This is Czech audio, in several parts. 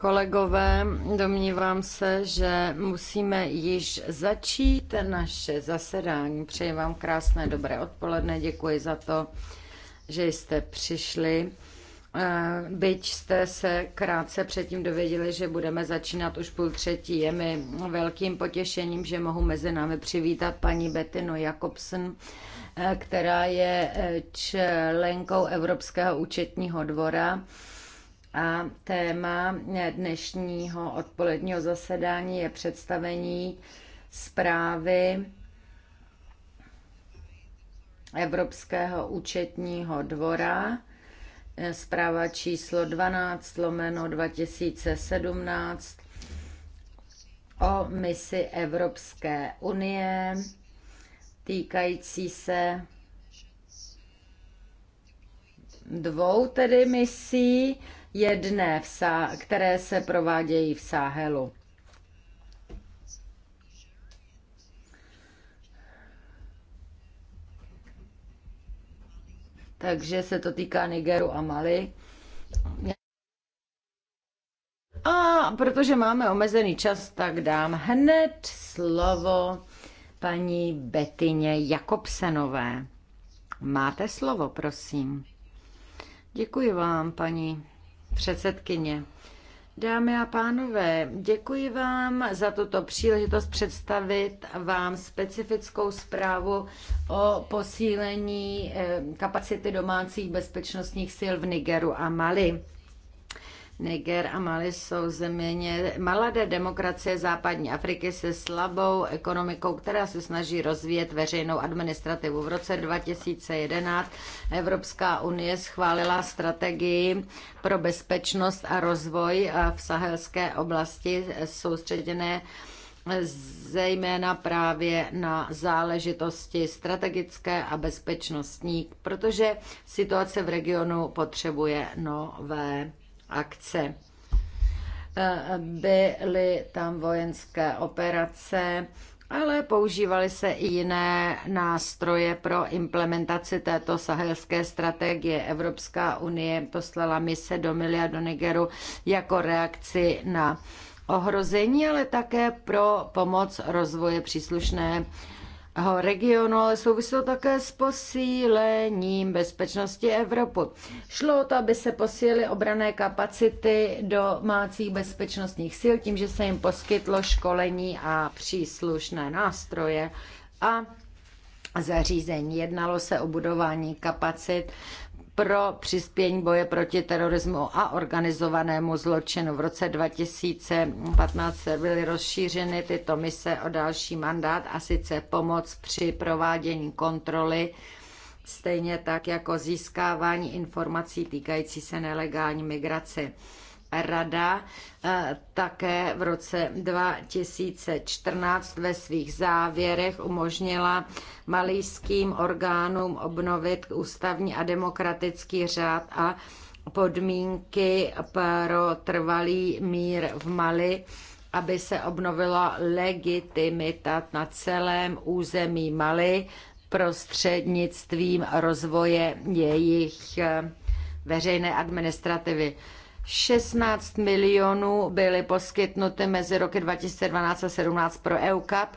Kolegové, domnívám se, že musíme již začít naše zasedání. Přeji vám krásné dobré odpoledne, děkuji za to, že jste přišli. Eh, byť jste se krátce předtím dověděli, že budeme začínat už půl třetí, je mi velkým potěšením, že mohu mezi námi přivítat paní Betinu Jakobsen, eh, která je eh, členkou Evropského účetního dvora a téma dnešního odpoledního zasedání je představení zprávy Evropského účetního dvora, zpráva číslo 12 lomeno 2017 o misi Evropské unie týkající se dvou tedy misí jedné, v Sá, které se provádějí v Sáhelu. Takže se to týká Nigeru a Mali. A protože máme omezený čas, tak dám hned slovo paní Betině Jakobsenové. Máte slovo, prosím. Děkuji vám, paní předsedkyně. Dámy a pánové, děkuji vám za tuto příležitost představit vám specifickou zprávu o posílení eh, kapacity domácích bezpečnostních sil v Nigeru a Mali. Niger a Mali jsou země malé demokracie západní Afriky se slabou ekonomikou, která se snaží rozvíjet veřejnou administrativu. V roce 2011 Evropská unie schválila strategii pro bezpečnost a rozvoj v sahelské oblasti soustředěné zejména právě na záležitosti strategické a bezpečnostní, protože situace v regionu potřebuje nové akce. Eh, byly tam vojenské operace, ale používaly se i jiné nástroje pro implementaci této sahelské strategie. Evropská unie poslala mise do Milia do Nigeru jako reakci na ohrození, ale také pro pomoc rozvoje příslušné regionu, ale souvislo také s posílením bezpečnosti Evropy. Šlo o to, aby se posílily obrané kapacity domácích bezpečnostních sil tím, že se jim poskytlo školení a příslušné nástroje a zařízení. Jednalo se o budování kapacit pro přispění boje proti terorismu a organizovanému zločinu. V roce 2015 byly rozšířeny tyto mise o další mandát a sice pomoc při provádění kontroly stejně tak jako získávání informací týkající se nelegální migrace. Rada eh, také v roce 2014 ve svých závěrech umožnila malijským orgánům obnovit ústavní a demokratický řád a podmínky pro trvalý mír v Mali, aby se obnovila legitimita na celém území Mali prostřednictvím rozvoje jejich eh, veřejné administrativy. 16 milionů byly poskytnuty mezi roky 2012 a 2017 pro EUCAP,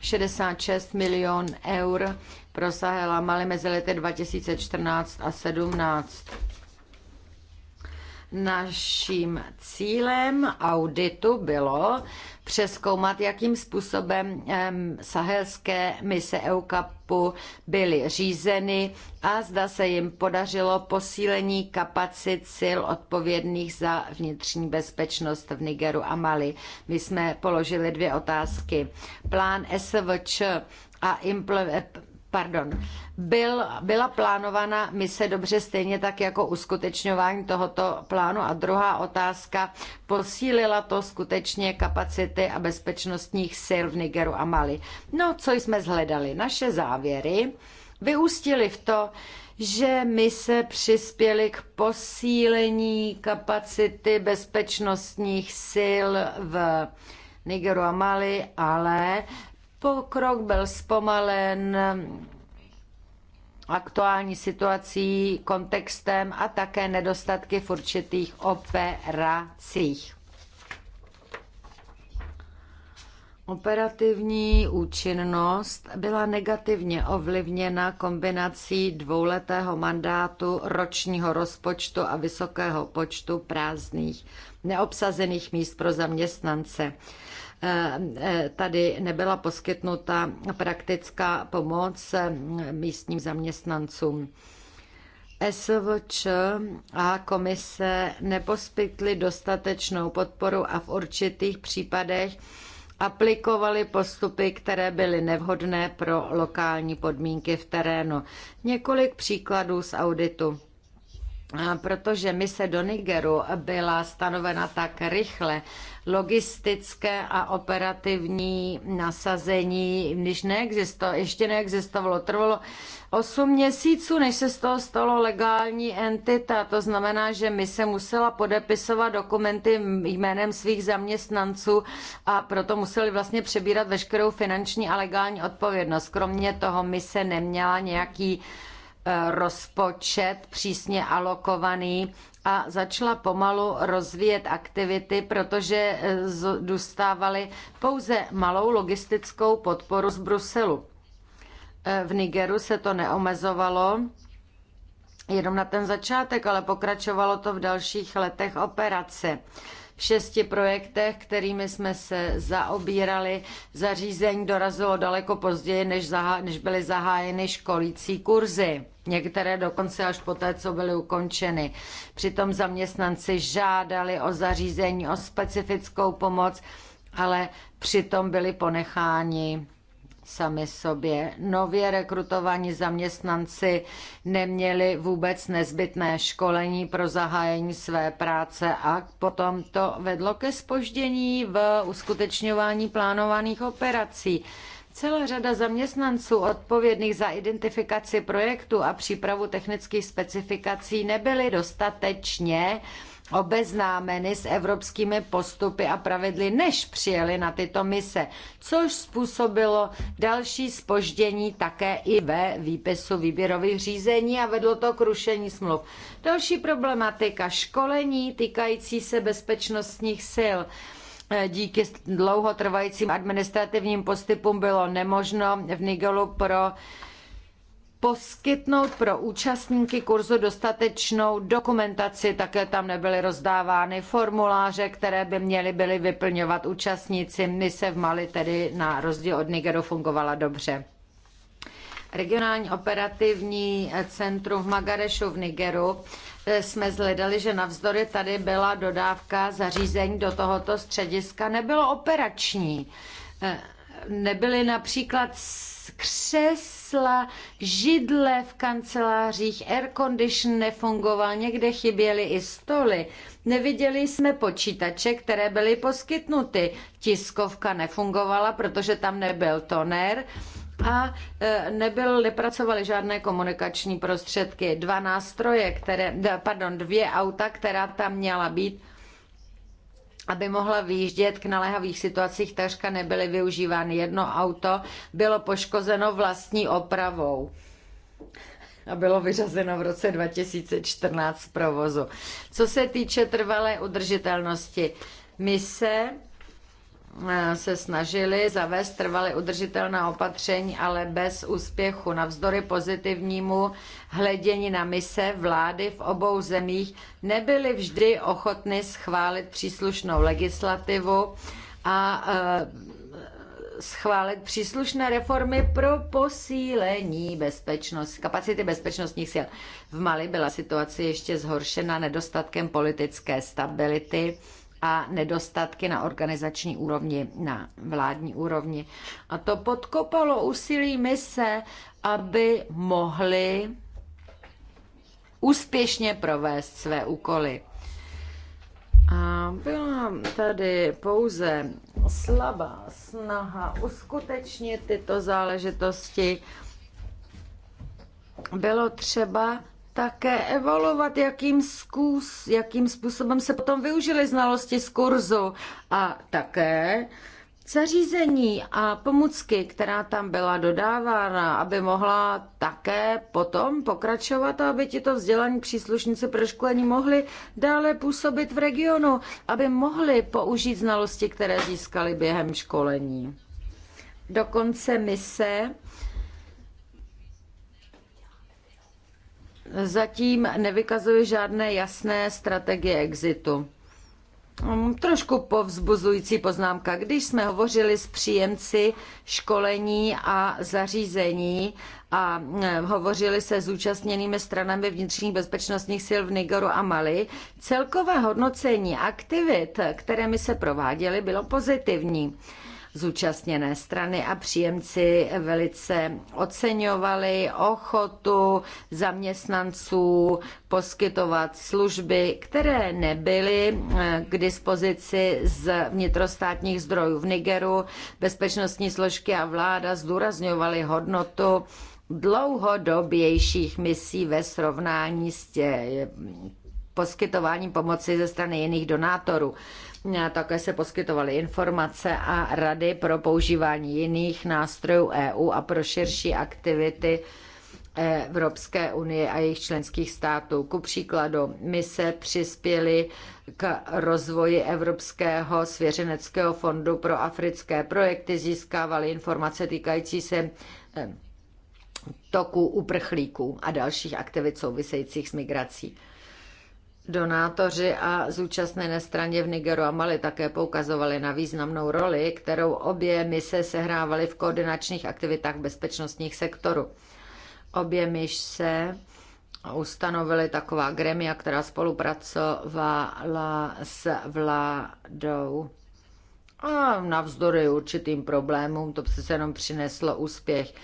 66 milion eur pro Sahel a Mali mezi lety 2014 a 17. Naším cílem auditu bylo přeskoumat, jakým způsobem sahelské mise EUCAPu byly řízeny a zda se jim podařilo posílení kapacit sil odpovědných za vnitřní bezpečnost v Nigeru a Mali. My jsme položili dvě otázky. Plán SVČ a pardon, byl, byla plánována mise dobře stejně tak jako uskutečňování tohoto plánu. A druhá otázka, posílila to skutečně kapacity a bezpečnostních sil v Nigeru a Mali. No, co jsme zhledali? Naše závěry vyústily v to, že my se přispěli k posílení kapacity bezpečnostních sil v Nigeru a Mali, ale Pokrok byl zpomalen aktuální situací, kontextem a také nedostatky v určitých operacích. Operativní účinnost byla negativně ovlivněna kombinací dvouletého mandátu, ročního rozpočtu a vysokého počtu prázdných neobsazených míst pro zaměstnance tady nebyla poskytnuta praktická pomoc místním zaměstnancům. SVČ a komise neposkytly dostatečnou podporu a v určitých případech aplikovali postupy, které byly nevhodné pro lokální podmínky v terénu. Několik příkladů z auditu protože mise do Nigeru byla stanovena tak rychle, logistické a operativní nasazení, když neexisto, ještě neexistovalo, trvalo 8 měsíců, než se z toho stalo legální entita. To znamená, že my se musela podepisovat dokumenty jménem svých zaměstnanců a proto museli vlastně přebírat veškerou finanční a legální odpovědnost. Kromě toho my se neměla nějaký Eh, rozpočet přísně alokovaný a začala pomalu rozvíjet aktivity, protože eh, dostávali pouze malou logistickou podporu z Bruselu. Eh, v Nigeru se to neomezovalo jenom na ten začátek, ale pokračovalo to v dalších letech operace šesti projektech, kterými jsme se zaobírali. Zařízení dorazilo daleko později, než, zahá, než byly zahájeny školící kurzy. Některé dokonce až poté, co byly ukončeny. Přitom zaměstnanci žádali o zařízení, o specifickou pomoc, ale přitom byli ponecháni sami sobě. Nově rekrutovaní zaměstnanci neměli vůbec nezbytné školení pro zahájení své práce a potom to vedlo ke spoždění v uskutečňování plánovaných operací. Celá řada zaměstnanců odpovědných za identifikaci projektu a přípravu technických specifikací nebyly dostatečně obeznámeny s evropskými postupy a pravidly, než přijeli na tyto mise, což způsobilo další spoždění také i ve výpisu výběrových řízení a vedlo to k rušení smluv. Další problematika školení týkající se bezpečnostních sil díky dlouhotrvajícím administrativním postupům bylo nemožno v Nigelu pro poskytnout pro účastníky kurzu dostatečnou dokumentaci. Také tam nebyly rozdávány formuláře, které by měly byly vyplňovat účastníci. Mise v Mali tedy na rozdíl od Nigeru fungovala dobře. Regionální operativní centrum v Magarešu v Nigeru eh, jsme zhledali, že navzdory tady byla dodávka zařízení do tohoto střediska, nebylo operační. Eh, nebyly například křesla, židle v kancelářích, air condition nefungoval, někde chyběly i stoly. Neviděli jsme počítače, které byly poskytnuty. Tiskovka nefungovala, protože tam nebyl toner a e, nebyl, nepracovaly žádné komunikační prostředky. Dva nástroje, které, pardon, dvě auta, která tam měla být, aby mohla výjíždět k naléhavých situacích, takřka nebyly využívány. Jedno auto bylo poškozeno vlastní opravou a bylo vyřazeno v roce 2014 z provozu. Co se týče trvalé udržitelnosti, my se Eh, se snažili zavést trvalé udržitelná opatření, ale bez úspěchu. Navzdory pozitivnímu hledění na mise vlády v obou zemích nebyly vždy ochotny schválit příslušnou legislativu a eh, schválit příslušné reformy pro posílení bezpečnost, kapacity bezpečnostních sil. V Mali byla situace ještě zhoršena nedostatkem politické stability a nedostatky na organizační úrovni, na vládní úrovni. A to podkopalo úsilí mise, aby mohli úspěšně provést své úkoly. A byla tady pouze slabá snaha uskutečnit tyto záležitosti. Bylo třeba také evaluovat, jakým, zkus, jakým způsobem se potom využily znalosti z kurzu a také zařízení a pomůcky, která tam byla dodávána, aby mohla také potom pokračovat a aby to vzdělaní příslušníci pro školení mohli dále působit v regionu, aby mohli použít znalosti, které získali během školení. Dokonce mise zatím nevykazuje žádné jasné strategie exitu. Mm, trošku povzbuzující poznámka. Když jsme hovořili s příjemci školení a zařízení a mm, hovořili se zúčastněnými stranami vnitřních bezpečnostních sil v Nigeru a Mali, celkové hodnocení aktivit, které mi se prováděly, bylo pozitivní zúčastněné strany a příjemci velice oceňovali ochotu zaměstnanců poskytovat služby, které nebyly eh, k dispozici z vnitrostátních zdrojů v Nigeru. Bezpečnostní složky a vláda zdůrazňovaly hodnotu dlouhodobějších misí ve srovnání s tě, poskytováním pomoci ze strany jiných donátorů také se poskytovaly informace a rady pro používání jiných nástrojů EU a pro širší aktivity Evropské unie a jejich členských států. Ku příkladu, my se přispěli k rozvoji Evropského svěřeneckého fondu pro africké projekty, získávali informace týkající se eh, toku uprchlíků a dalších aktivit souvisejících s migrací. Donátoři a zúčastněné straně v Nigeru a Mali také poukazovali na významnou roli, kterou obě mise sehrávaly v koordinačních aktivitách bezpečnostních sektorů. Obě mise ustanovily taková gremia, která spolupracovala s vládou. A navzdory určitým problémům to přece jenom přineslo úspěch.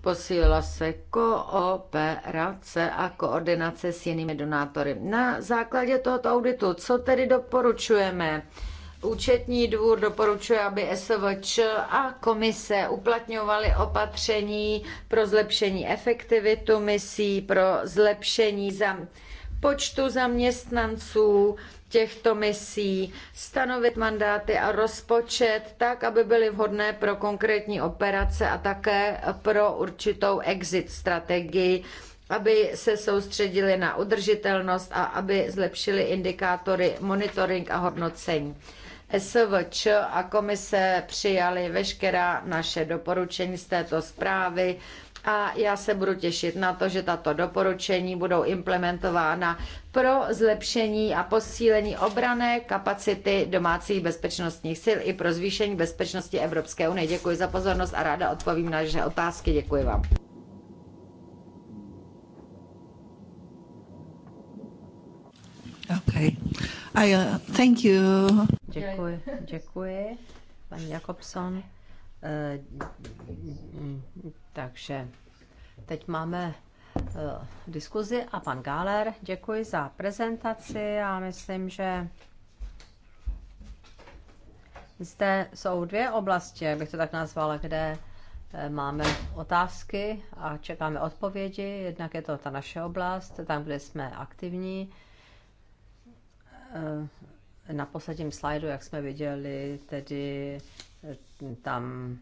Posílila se kooperace a koordinace s jinými donátory. Na základě tohoto auditu, co tedy doporučujeme? Účetní dvůr doporučuje, aby SVČ a komise uplatňovaly opatření pro zlepšení efektivitu misí, pro zlepšení za počtu zaměstnanců, těchto misí, stanovit mandáty a rozpočet tak, aby byly vhodné pro konkrétní operace a také pro určitou exit strategii, aby se soustředili na udržitelnost a aby zlepšili indikátory monitoring a hodnocení. SVČ a komise přijali veškerá naše doporučení z této zprávy a já se budu těšit na to, že tato doporučení budou implementována pro zlepšení a posílení obrané kapacity domácích bezpečnostních sil i pro zvýšení bezpečnosti Evropské unie. Děkuji za pozornost a ráda odpovím na vaše otázky. Děkuji vám. Okay. I, uh, thank you. Děkuji, děkuji, paní Jakobson. Eh, takže teď máme eh, diskuzi a pan Gáler, děkuji za prezentaci a myslím, že zde jsou dvě oblasti, jak bych to tak nazvala, kde eh, máme otázky a čekáme odpovědi. Jednak je to ta naše oblast, tam, kde jsme aktivní. Eh, na posledním slajdu, jak jsme viděli, tedy tam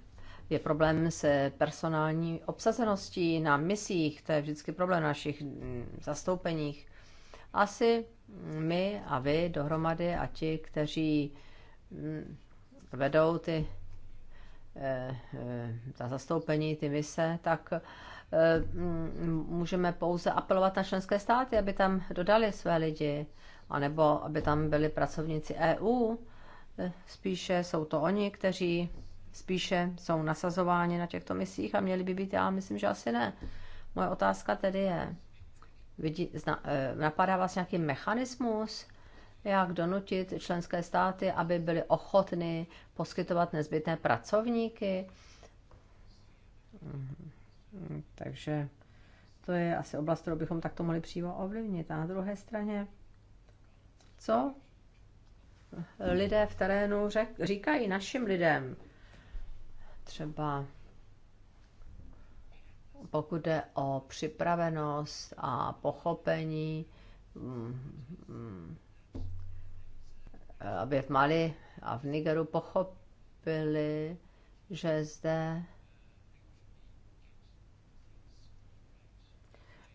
je problém se personální obsazeností na misích, to je vždycky problém na našich mm, zastoupeních. Asi my a vy dohromady a ti, kteří mm, vedou ty eh, eh, ta zastoupení, ty mise, tak eh, mm, můžeme pouze apelovat na členské státy, aby tam dodali své lidi, anebo aby tam byli pracovníci EU. Spíše jsou to oni, kteří spíše jsou nasazováni na těchto misích a měli by být, já myslím, že asi ne. Moje otázka tedy je, vidí, zna, eh, napadá vás nějaký mechanismus, jak donutit členské státy, aby byly ochotny poskytovat nezbytné pracovníky? Mhm. Takže to je asi oblast, kterou bychom takto mohli přímo ovlivnit. A na druhé straně, co lidé v terénu řek, říkají našim lidem? třeba pokud jde o připravenost a pochopení, mm, mm, aby v Mali a v Nigeru pochopili, že zde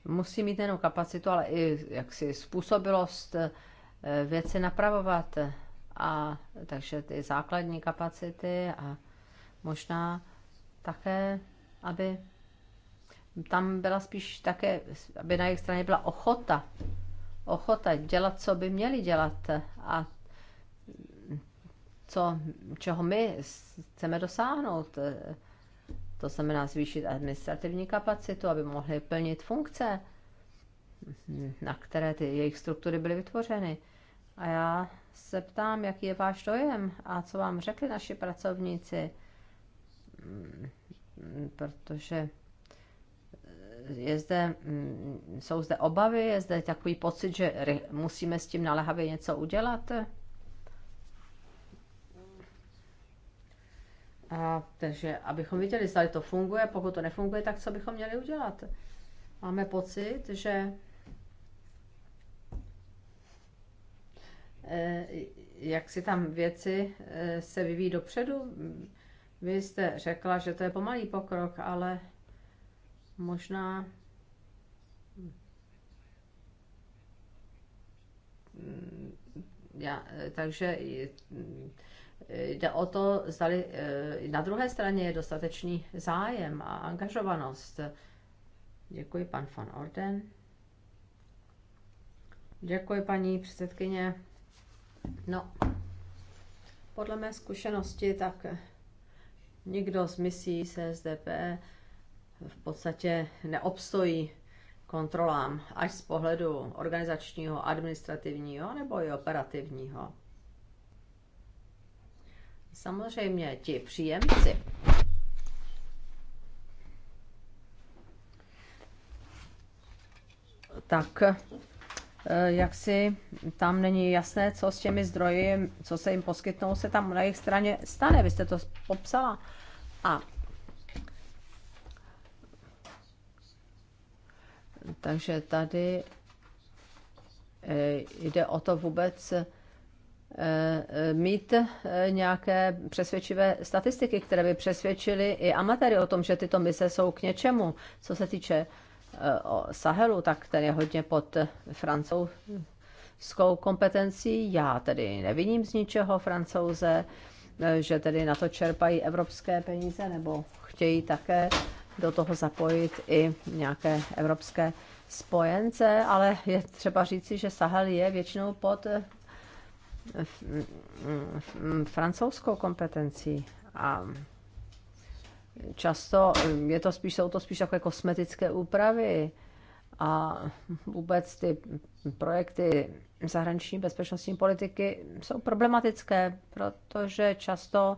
musí mít jenom kapacitu, ale i jaksi způsobilost eh, věci napravovat. A takže ty základní kapacity a možná také, aby tam byla spíš také, aby na jejich straně byla ochota, ochota dělat, co by měli dělat a co, čeho my chceme dosáhnout. To znamená zvýšit administrativní kapacitu, aby mohli plnit funkce, na které ty jejich struktury byly vytvořeny. A já se ptám, jaký je váš dojem a co vám řekli naši pracovníci Mm, protože je zde, mm, jsou zde obavy, je zde takový pocit, že musíme s tím naléhavě něco udělat. A, takže abychom viděli, zda to funguje, pokud to nefunguje, tak co bychom měli udělat? Máme pocit, že eh, jak si tam věci eh, se vyvíjí dopředu, vy jste řekla, že to je pomalý pokrok, ale možná já, takže jde o to, zdali eh, na druhé straně je dostatečný zájem a angažovanost. Děkuji, pan von Orden. Děkuji, paní předsedkyně. No, podle mé zkušenosti, tak Nikdo z misí CSDP v podstatě neobstojí kontrolám, až z pohledu organizačního, administrativního nebo i operativního. Samozřejmě ti příjemci tak Eh, jak si tam není jasné, co s těmi zdroji, co se jim poskytnou, se tam na jejich straně stane. Vy jste to popsala. A takže tady eh, jde o to vůbec eh, mít nějaké přesvědčivé statistiky, které by přesvědčily i amatéry o tom, že tyto mise jsou k něčemu, co se týče Eh, Sahelu, tak ten je hodně pod francouzskou kompetencí. Já tedy neviním z ničeho francouze, eh, že tedy na to čerpají evropské peníze nebo chtějí také do toho zapojit i nějaké evropské spojence, ale je třeba říci, že Sahel je většinou pod eh, mm, mm, francouzskou kompetencí a Často je to spíš, jsou to spíš takové kosmetické úpravy a vůbec ty projekty zahraniční bezpečnostní politiky jsou problematické, protože často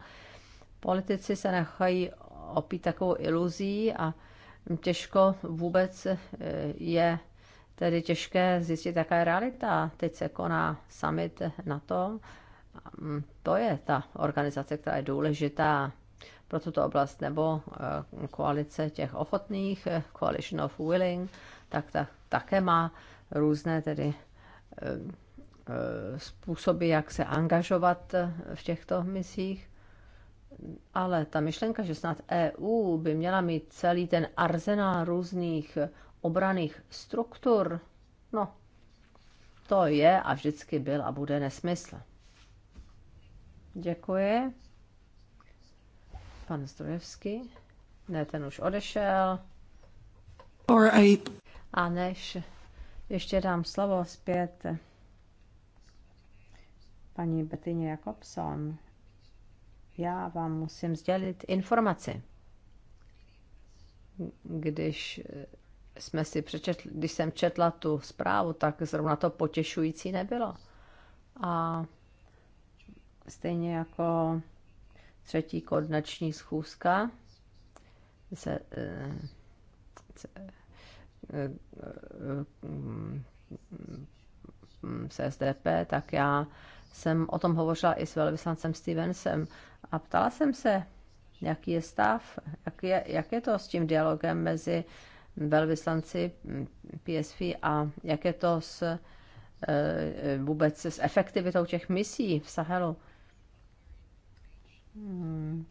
politici se nechají opít takovou iluzí a těžko vůbec eh, je tedy těžké zjistit, jaká je realita. Teď se koná summit na to. Mm, to je ta organizace, která je důležitá pro tuto oblast, nebo eh, koalice těch ochotných, eh, Coalition of Willing, tak ta také má různé tedy eh, způsoby, jak se angažovat v těchto misích. Ale ta myšlenka, že snad EU by měla mít celý ten arzenál různých obraných struktur, no, to je a vždycky byl a bude nesmysl. Děkuji. Pan Zdrojevský. Ne, ten už odešel. Or I... A než ještě dám slovo zpět paní Betině Jakobson, já vám musím sdělit informaci. Když jsme si přečetli, když jsem četla tu zprávu, tak zrovna to potěšující nebylo. A stejně jako Třetí koordinační schůzka se, eh, se, se eh, eh, mm, mm, mm, SDP, tak já jsem o tom hovořila i s velvyslancem Stevensem a ptala jsem se, jaký je stav, jak je, jak je to s tím dialogem mezi velvyslanci PSV a jak je to s, vůbec s efektivitou těch misí v Sahelu. Mm,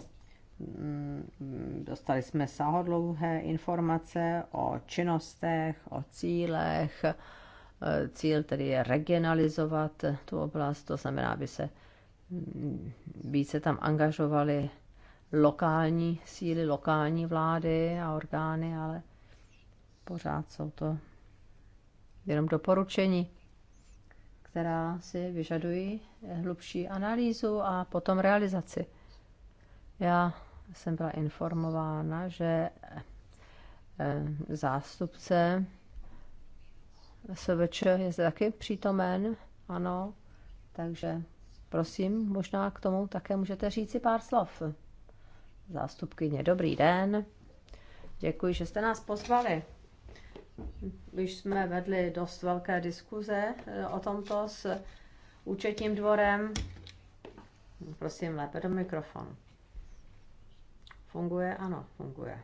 dostali jsme sahodlouhé informace o činnostech, o cílech. E, cíl tedy je regionalizovat tu oblast, to znamená, aby se mm, více tam angažovaly lokální síly, lokální vlády a orgány, ale pořád jsou to jenom doporučení, která si vyžadují hlubší analýzu a potom realizaci. Já jsem byla informována, že eh, zástupce SVČ je zde taky přítomen, ano, takže prosím, možná k tomu také můžete říci pár slov. Zástupkyně, dobrý den. Děkuji, že jste nás pozvali. Když jsme vedli dost velké diskuze eh, o tomto s účetním dvorem, prosím, lépe do mikrofonu. Funguje? Ano, funguje.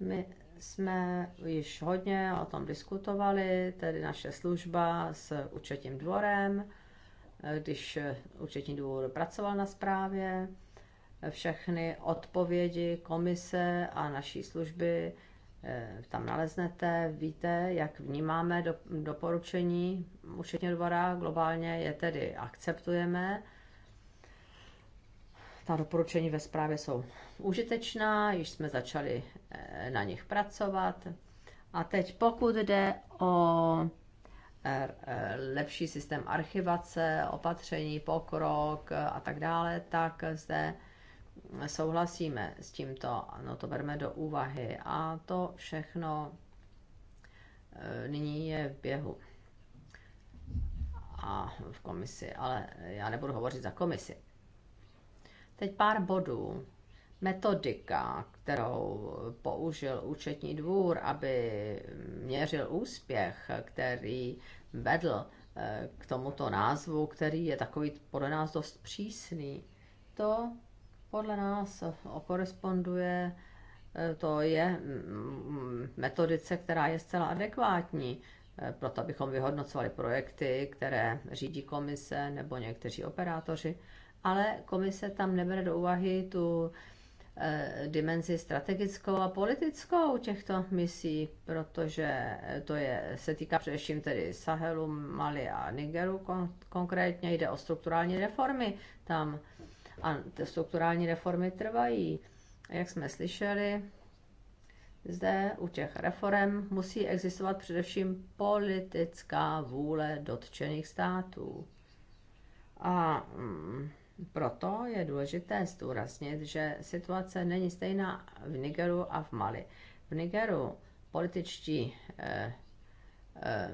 My jsme již hodně o tom diskutovali, tedy naše služba s účetním dvorem, když účetní dvůr pracoval na zprávě, všechny odpovědi komise a naší služby eh, tam naleznete, víte, jak vnímáme doporučení účetního dvora globálně, je tedy akceptujeme ta doporučení ve zprávě jsou užitečná, již jsme začali eh, na nich pracovat. A teď pokud jde o eh, eh, lepší systém archivace, opatření, pokrok a tak dále, tak zde souhlasíme s tímto, no to berme do úvahy a to všechno nyní je v běhu a v komisi, ale já nebudu hovořit za komisi. Teď pár bodů. Metodika, kterou použil účetní dvůr, aby měřil úspěch, který vedl eh, k tomuto názvu, který je takový podle nás dost přísný, to podle nás okoresponduje, eh, to je mm, metodice, která je zcela adekvátní, eh, proto abychom vyhodnocovali projekty, které řídí komise nebo někteří operátoři ale komise tam nebere do úvahy tu eh, dimenzi strategickou a politickou těchto misí, protože to je, se týká především tedy Sahelu, Mali a Nigeru. Kon, konkrétně jde o strukturální reformy tam. A ty strukturální reformy trvají. Jak jsme slyšeli, zde u těch reform musí existovat především politická vůle dotčených států. A mm, proto je důležité zdůraznit, že situace není stejná v Nigeru a v Mali. V Nigeru političtí eh, eh,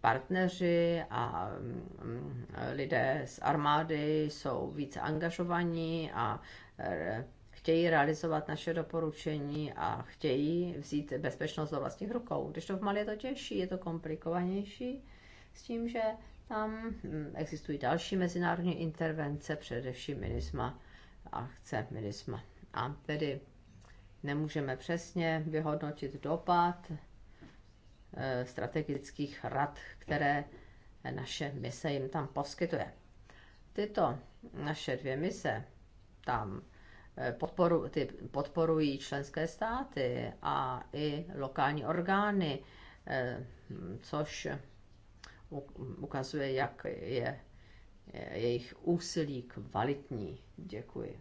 partneři a mm, lidé z armády jsou více angažovaní a eh, chtějí realizovat naše doporučení a chtějí vzít bezpečnost do vlastních rukou. Když to v Mali je to těžší, je to komplikovanější s tím, že tam hm, existují další mezinárodní intervence, především minisma a chce minisma. A tedy nemůžeme přesně vyhodnotit dopad eh, strategických rad, které naše mise jim tam poskytuje. Tyto naše dvě mise tam eh, podporu, ty podporují členské státy a i lokální orgány, eh, hm, což ukazuje, jak je jejich úsilí kvalitní. Děkuji.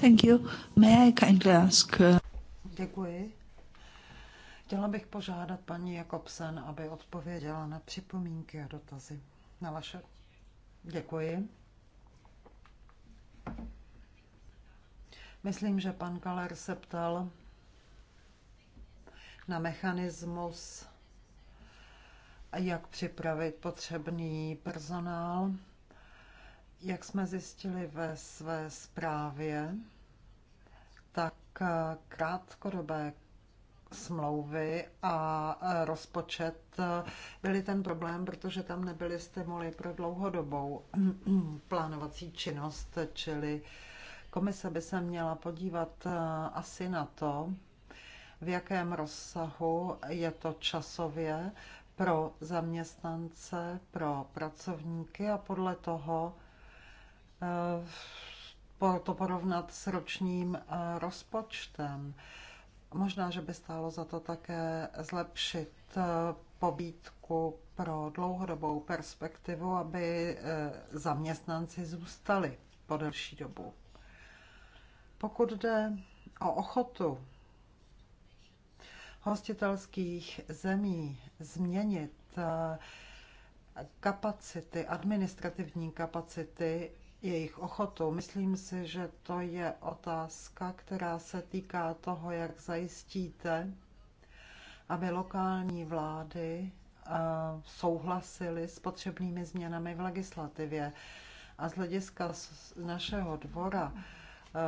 Thank you. May I kindly ask... Uh, Děkuji. Chtěla bych požádat paní Jakobsen, aby odpověděla na připomínky a dotazy. Na vaše... Děkuji. Myslím, že pan Kaler se ptal na mechanismus, jak připravit potřebný personál. Jak jsme zjistili ve své zprávě, tak eh, krátkodobé smlouvy a eh, rozpočet eh, byly ten problém, protože tam nebyly stimuly pro dlouhodobou plánovací činnost, čili komise by se měla podívat asi na to, v jakém rozsahu je to časově pro zaměstnance, pro pracovníky a podle toho eh, to porovnat s ročním eh, rozpočtem. Možná, že by stálo za to také zlepšit eh, pobídku pro dlouhodobou perspektivu, aby zaměstnanci zůstali po delší dobu. Pokud jde o ochotu hostitelských zemí změnit eh, kapacity, administrativní kapacity, jejich ochotu. Myslím si, že to je otázka, která se týká toho, jak zajistíte, aby lokální vlády eh, souhlasily s potřebnými změnami v legislativě. A z hlediska našeho dvora eh,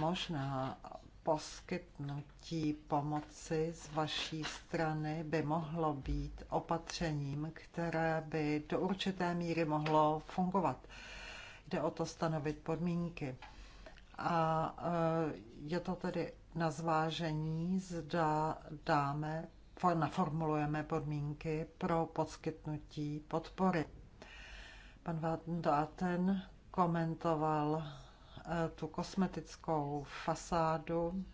možná poskytnutí pomoci z vaší strany by mohlo být opatřením, které by do určité míry mohlo fungovat. Jde o to stanovit podmínky. A e, je to tedy na zvážení, zda dáme, naformulujeme podmínky pro poskytnutí podpory. Pan Vátn komentoval Eh, tu kosmetickou fasádu.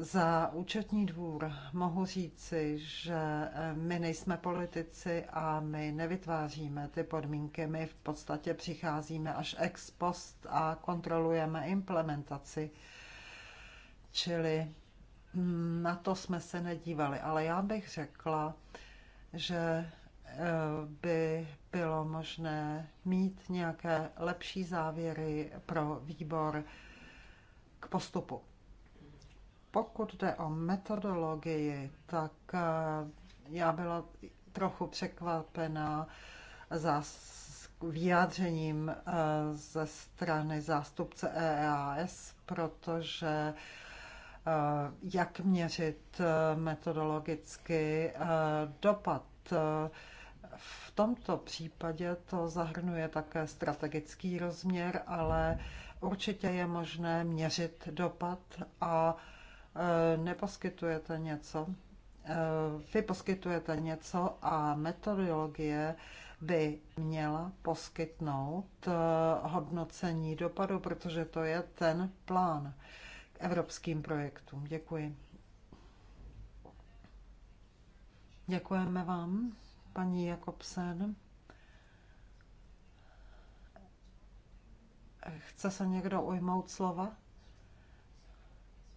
Za účetní dvůr mohu říci, že eh, my nejsme politici a my nevytváříme ty podmínky. My v podstatě přicházíme až ex post a kontrolujeme implementaci. Čili hm, na to jsme se nedívali. Ale já bych řekla, že by bylo možné mít nějaké lepší závěry pro výbor k postupu. Pokud jde o metodologii, tak eh, já byla trochu překvapená za vyjádřením eh, ze strany zástupce EAS, e protože eh, jak měřit metodologicky dopad v tomto případě to zahrnuje také strategický rozměr, ale určitě je možné měřit dopad a e, neposkytujete něco. E, vy poskytujete něco a metodologie by měla poskytnout e, hodnocení dopadu, protože to je ten plán k evropským projektům. Děkuji. Děkujeme vám paní Jakobsen. Chce se někdo ujmout slova?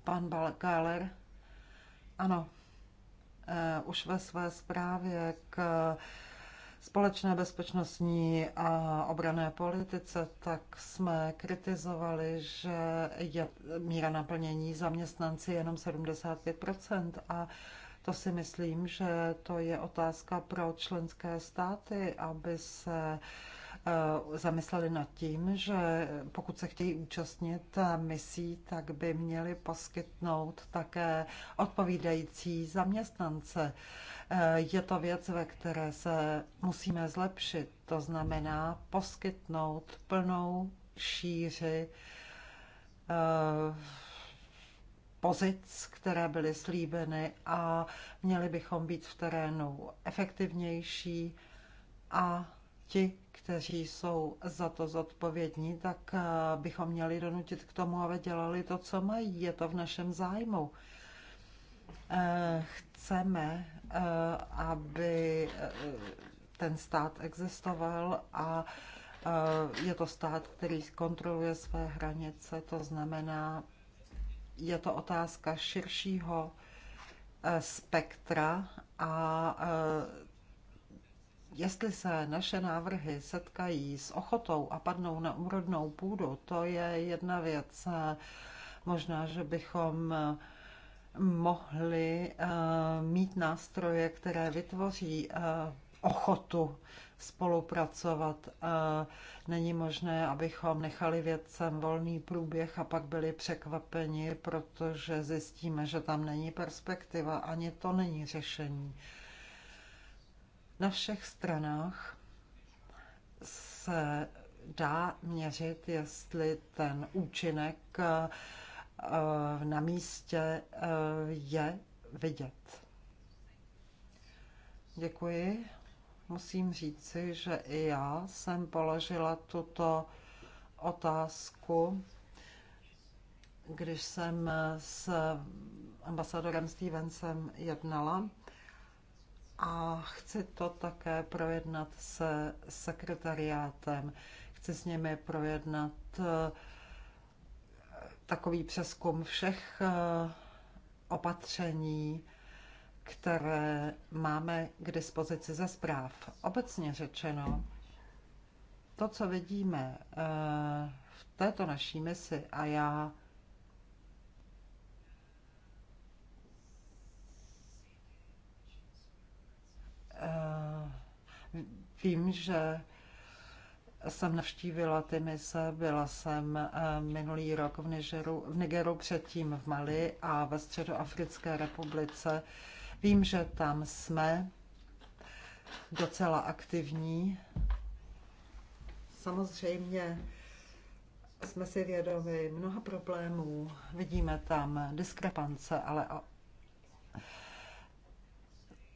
Pan Balkáler? Ano, eh, už ve své zprávě k společné bezpečnostní a obrané politice, tak jsme kritizovali, že je míra naplnění zaměstnanci jenom 75 a to si myslím, že to je otázka pro členské státy, aby se eh, zamysleli nad tím, že pokud se chtějí účastnit misí, tak by měli poskytnout také odpovídající zaměstnance. Eh, je to věc, ve které se musíme zlepšit. To znamená poskytnout plnou šíři eh, pozic, které byly slíbeny a měli bychom být v terénu efektivnější a ti, kteří jsou za to zodpovědní, tak eh, bychom měli donutit k tomu, aby dělali to, co mají. Je to v našem zájmu. Eh, chceme, eh, aby ten stát existoval a je to stát, který kontroluje své hranice, to znamená, je to otázka širšího eh, spektra a eh, jestli se naše návrhy setkají s ochotou a padnou na úrodnou půdu, to je jedna věc. Možná, že bychom eh, mohli mít nástroje, které vytvoří ochotu spolupracovat. Eh, není možné, abychom nechali vědcem volný průběh a pak byli překvapeni, protože zjistíme, že tam není perspektiva. Ani to není řešení. Na všech stranách se dá měřit, jestli ten účinek eh, na místě eh, je vidět. Děkuji musím říci, že i já jsem položila tuto otázku, když jsem s ambasadorem Stevensem jednala. A chci to také projednat se sekretariátem. Chci s nimi projednat eh, takový přeskum všech eh, opatření, které máme k dispozici ze zpráv. Obecně řečeno, to, co vidíme eh, v této naší misi, a já eh, vím, že jsem navštívila ty mise, byla jsem eh, minulý rok v Nigeru, v Nigeru předtím v Mali a ve Středoafrické republice. Vím, že tam jsme docela aktivní. Samozřejmě jsme si vědomi mnoha problémů, vidíme tam diskrepance, ale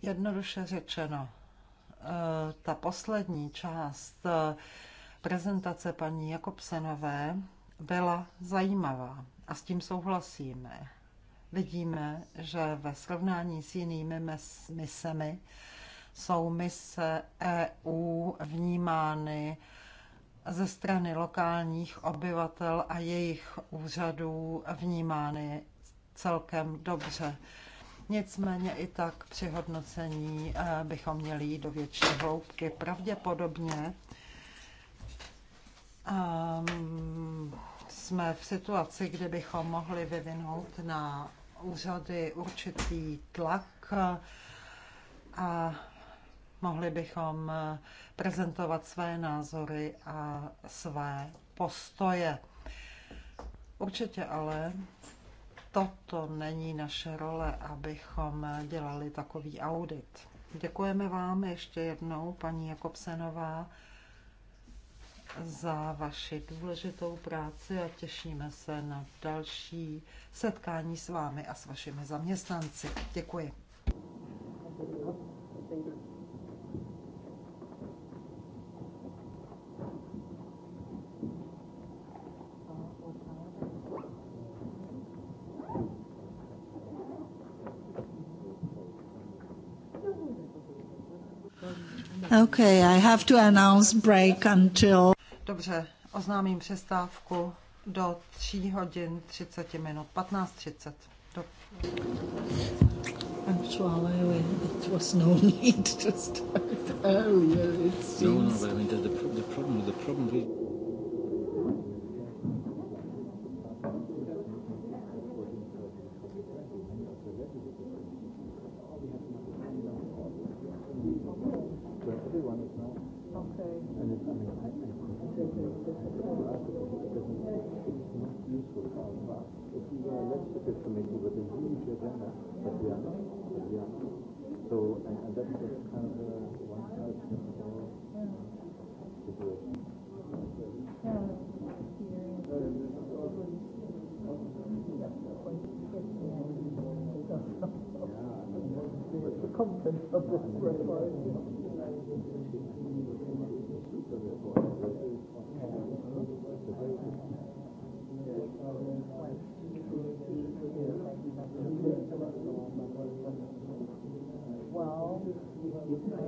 jednoduše řečeno, eh, ta poslední část eh, prezentace paní Jakobsenové byla zajímavá a s tím souhlasíme vidíme, že ve srovnání s jinými misemi jsou mise EU vnímány ze strany lokálních obyvatel a jejich úřadů vnímány celkem dobře. Nicméně i tak při hodnocení eh, bychom měli jít do větší hloubky. Pravděpodobně um, jsme v situaci, kdy bychom mohli vyvinout na úřady určitý tlak a mohli bychom prezentovat své názory a své postoje. Určitě ale toto není naše role, abychom dělali takový audit. Děkujeme vám ještě jednou, paní Jakobsenová za vaši důležitou práci a těšíme se na další setkání s vámi a s vašimi zaměstnanci. Děkuji. Okay, I have to announce break until Dobře, oznámím přestávku do 3 hodin 30 minut, 15.30. Do... I'm sure it was no need to start earlier, it seems. No, no, but I mean, the, the, the problem, the problem with...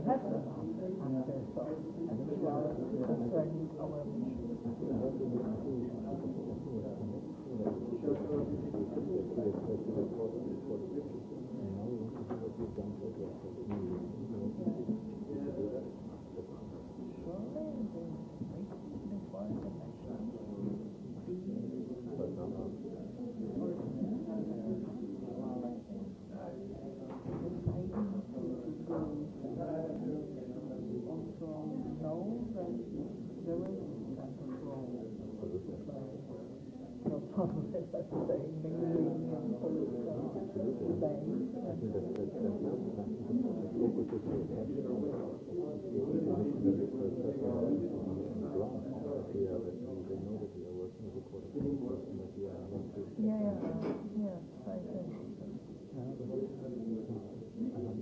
Concerning our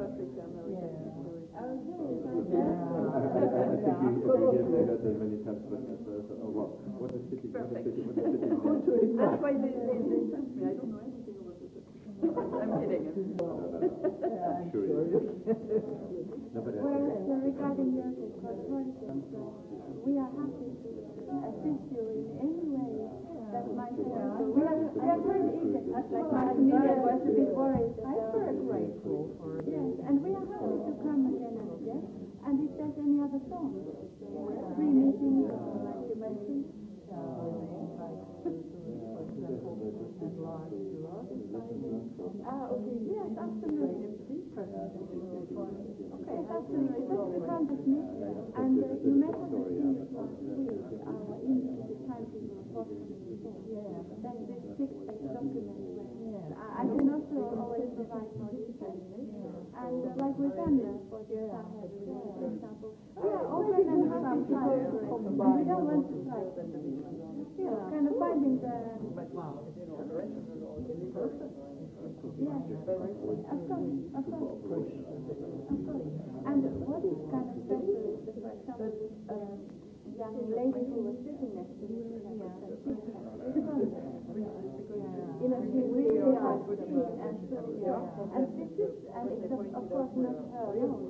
Africa, America. Yeah. Oh, yeah. I think you, if you get laid out there many times, but that's a lot. What a city, what a city, what a city. That's why they, they, they sent me. I don't know anything about this. I'm kidding. No, no, no. Yeah, I'm sure. no, but well, so regarding your correspondence, we are happy to assist you in any way that might help. We are, we are very eager. Like Maximilian was a bit worried that there useful for us. Yes, and we are happy to come again and again. And if there's any other song, free meeting, uh, like you mentioned, Ah, okay. Yes, absolutely. Okay, absolutely. Just to come with me, and uh, you yeah. somehow do that, for example. Yeah, yeah always and having to go through We don't want to try. Yeah, kind of finding the... But wow, you know, the rest of it all delivered. Yeah, of course, of course, of course. And what is kind of special is that, for example, um, young lady who was sitting next to me, yeah, you know, she really has seen and so, yeah. And this is, and it's of course not her own.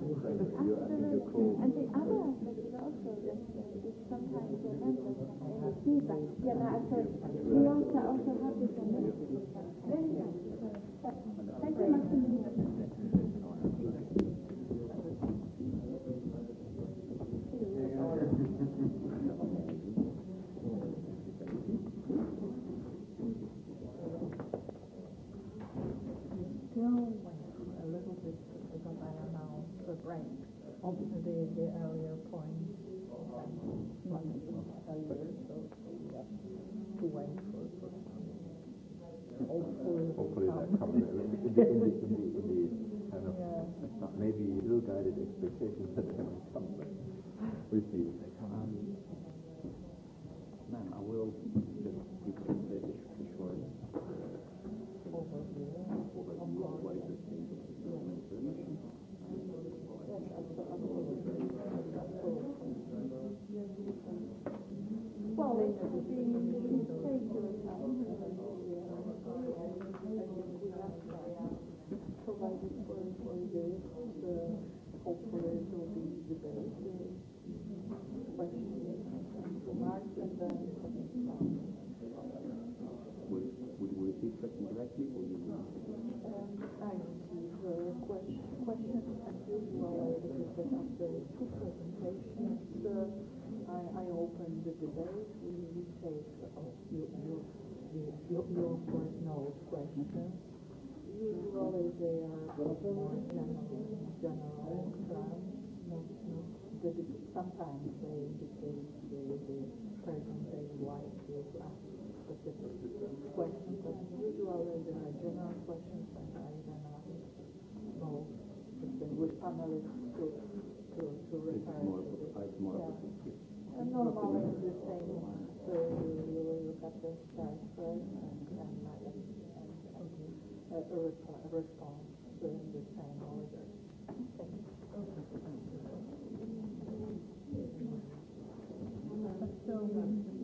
Yeah, but also the earlier point, Hopefully, that comes in the, in the, in the, in the kind of yeah. maybe ill-guided expectations that they might come, but we see. questions as usual because that after two presentations uh, I, I open the debate. We, we take oh, you, you, your you, your personal questions. Usually they are more general, general terms. No, sometimes they with panelists to, to, to refer to this. It's more yeah. And normally it's the same. So you will look at the slides first and, and, and, and, and uh, resp- respond in the same order. Thank you. So, um,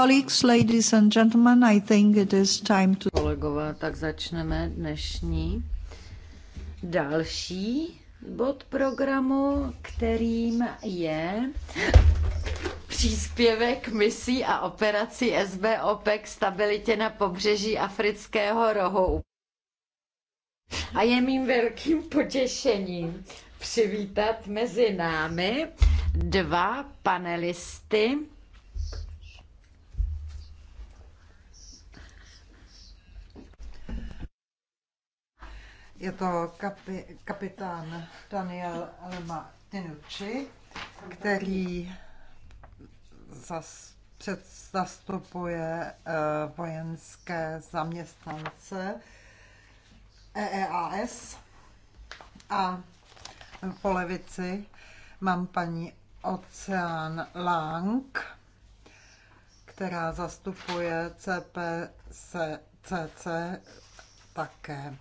colleagues, ladies and gentlemen, I think it is time to... Kolegové, tak začneme dnešní další bod programu, kterým je příspěvek misí a operací SBOP k stabilitě na pobřeží Afrického rohu. A je mým velkým potěšením přivítat mezi námi dva panelisty, Je to kapi, kapitán Daniel Lema Tinucci, který zas, před, zastupuje uh, vojenské zaměstnance EEAS a po levici mám paní Ocean Lang, která zastupuje CPCC také.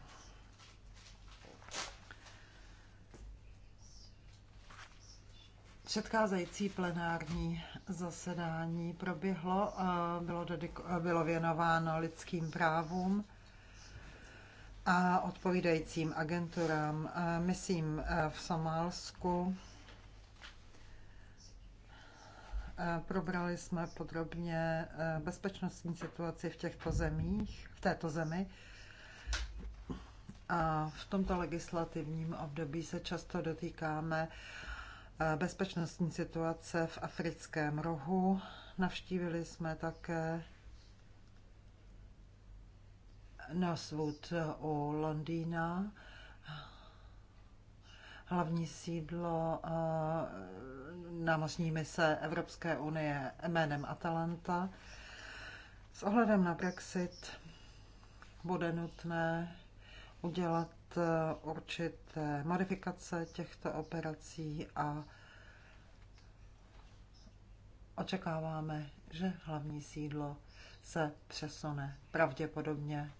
Předcházející plenární zasedání proběhlo, bylo, dediko- bylo věnováno lidským právům a odpovídajícím agenturám, myslím e, v Somálsku. E, probrali jsme podrobně e, bezpečnostní situaci v těchto zemích, v této zemi. A v tomto legislativním období se často dotýkáme uh, Eh, bezpečnostní situace v africkém rohu. Navštívili jsme také Northwood u Londýna, hlavní sídlo eh, námořní mise Evropské unie jménem Atalanta. S ohledem na Brexit bude nutné udělat Eh, určité modifikace těchto operací a očekáváme, že hlavní sídlo se přesune pravděpodobně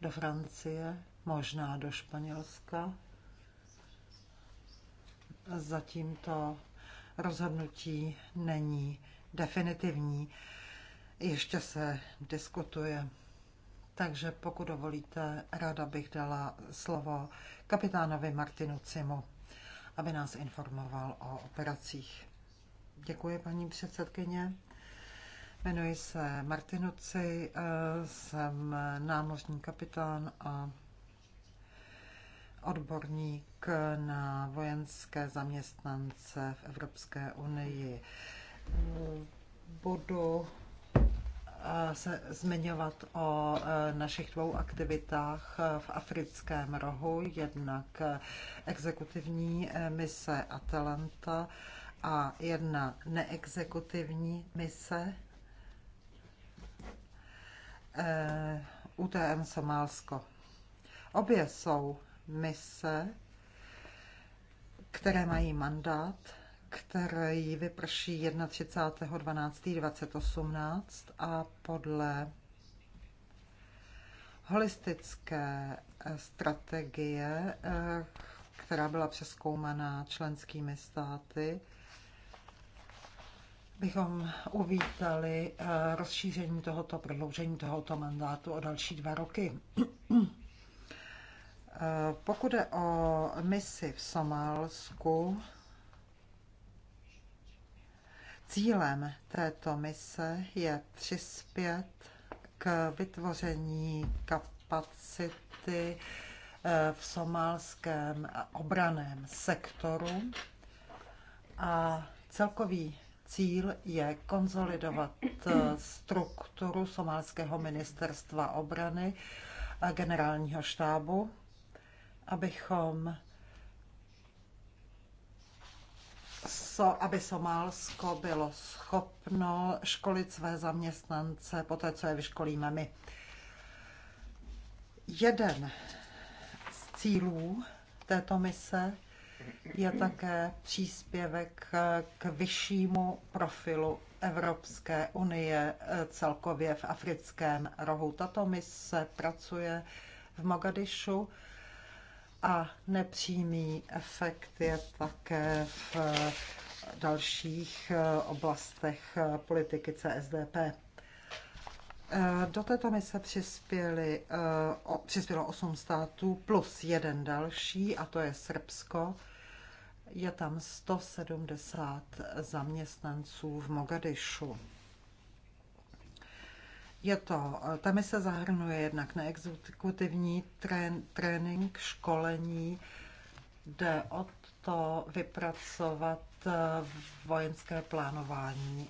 do Francie, možná do Španělska. Zatím to rozhodnutí není definitivní. Ještě se diskutuje. Takže pokud dovolíte, ráda bych dala slovo kapitánovi Martinu Cimu, aby nás informoval o operacích. Děkuji, paní předsedkyně. Jmenuji se Martinuci, eh, jsem námořní kapitán a odborník na vojenské zaměstnance v Evropské unii. Budu Eh, se zmiňovat o eh, našich dvou aktivitách eh, v africkém rohu, jednak exekutivní mise Atalanta a jedna neexekutivní mise UTM Somálsko. Obě jsou mise, které mají mandát který vyprší 31.12.2018 a podle holistické eh, strategie, eh, která byla přeskoumaná členskými státy, bychom uvítali eh, rozšíření tohoto, prodloužení tohoto mandátu o další dva roky. Pokud je o misi v Somálsku, Cílem této mise je přispět k vytvoření kapacity eh, v somálském obraném sektoru a celkový cíl je konzolidovat eh, strukturu somálského ministerstva obrany a generálního štábu, abychom so, aby Somálsko bylo schopno školit své zaměstnance po té, co je vyškolíme my. Jeden z cílů této mise je také příspěvek k vyššímu profilu Evropské unie celkově v africkém rohu. Tato mise pracuje v Mogadišu a nepřímý efekt je také v eh, dalších eh, oblastech eh, politiky CSDP. Do této mise přispěli, přispělo 8 států plus jeden další, a to je Srbsko. Je tam 170 zaměstnanců v Mogadišu. Je to, ta se zahrnuje jednak neexekutivní trén, trénink, školení, jde o to vypracovat eh, vojenské plánování.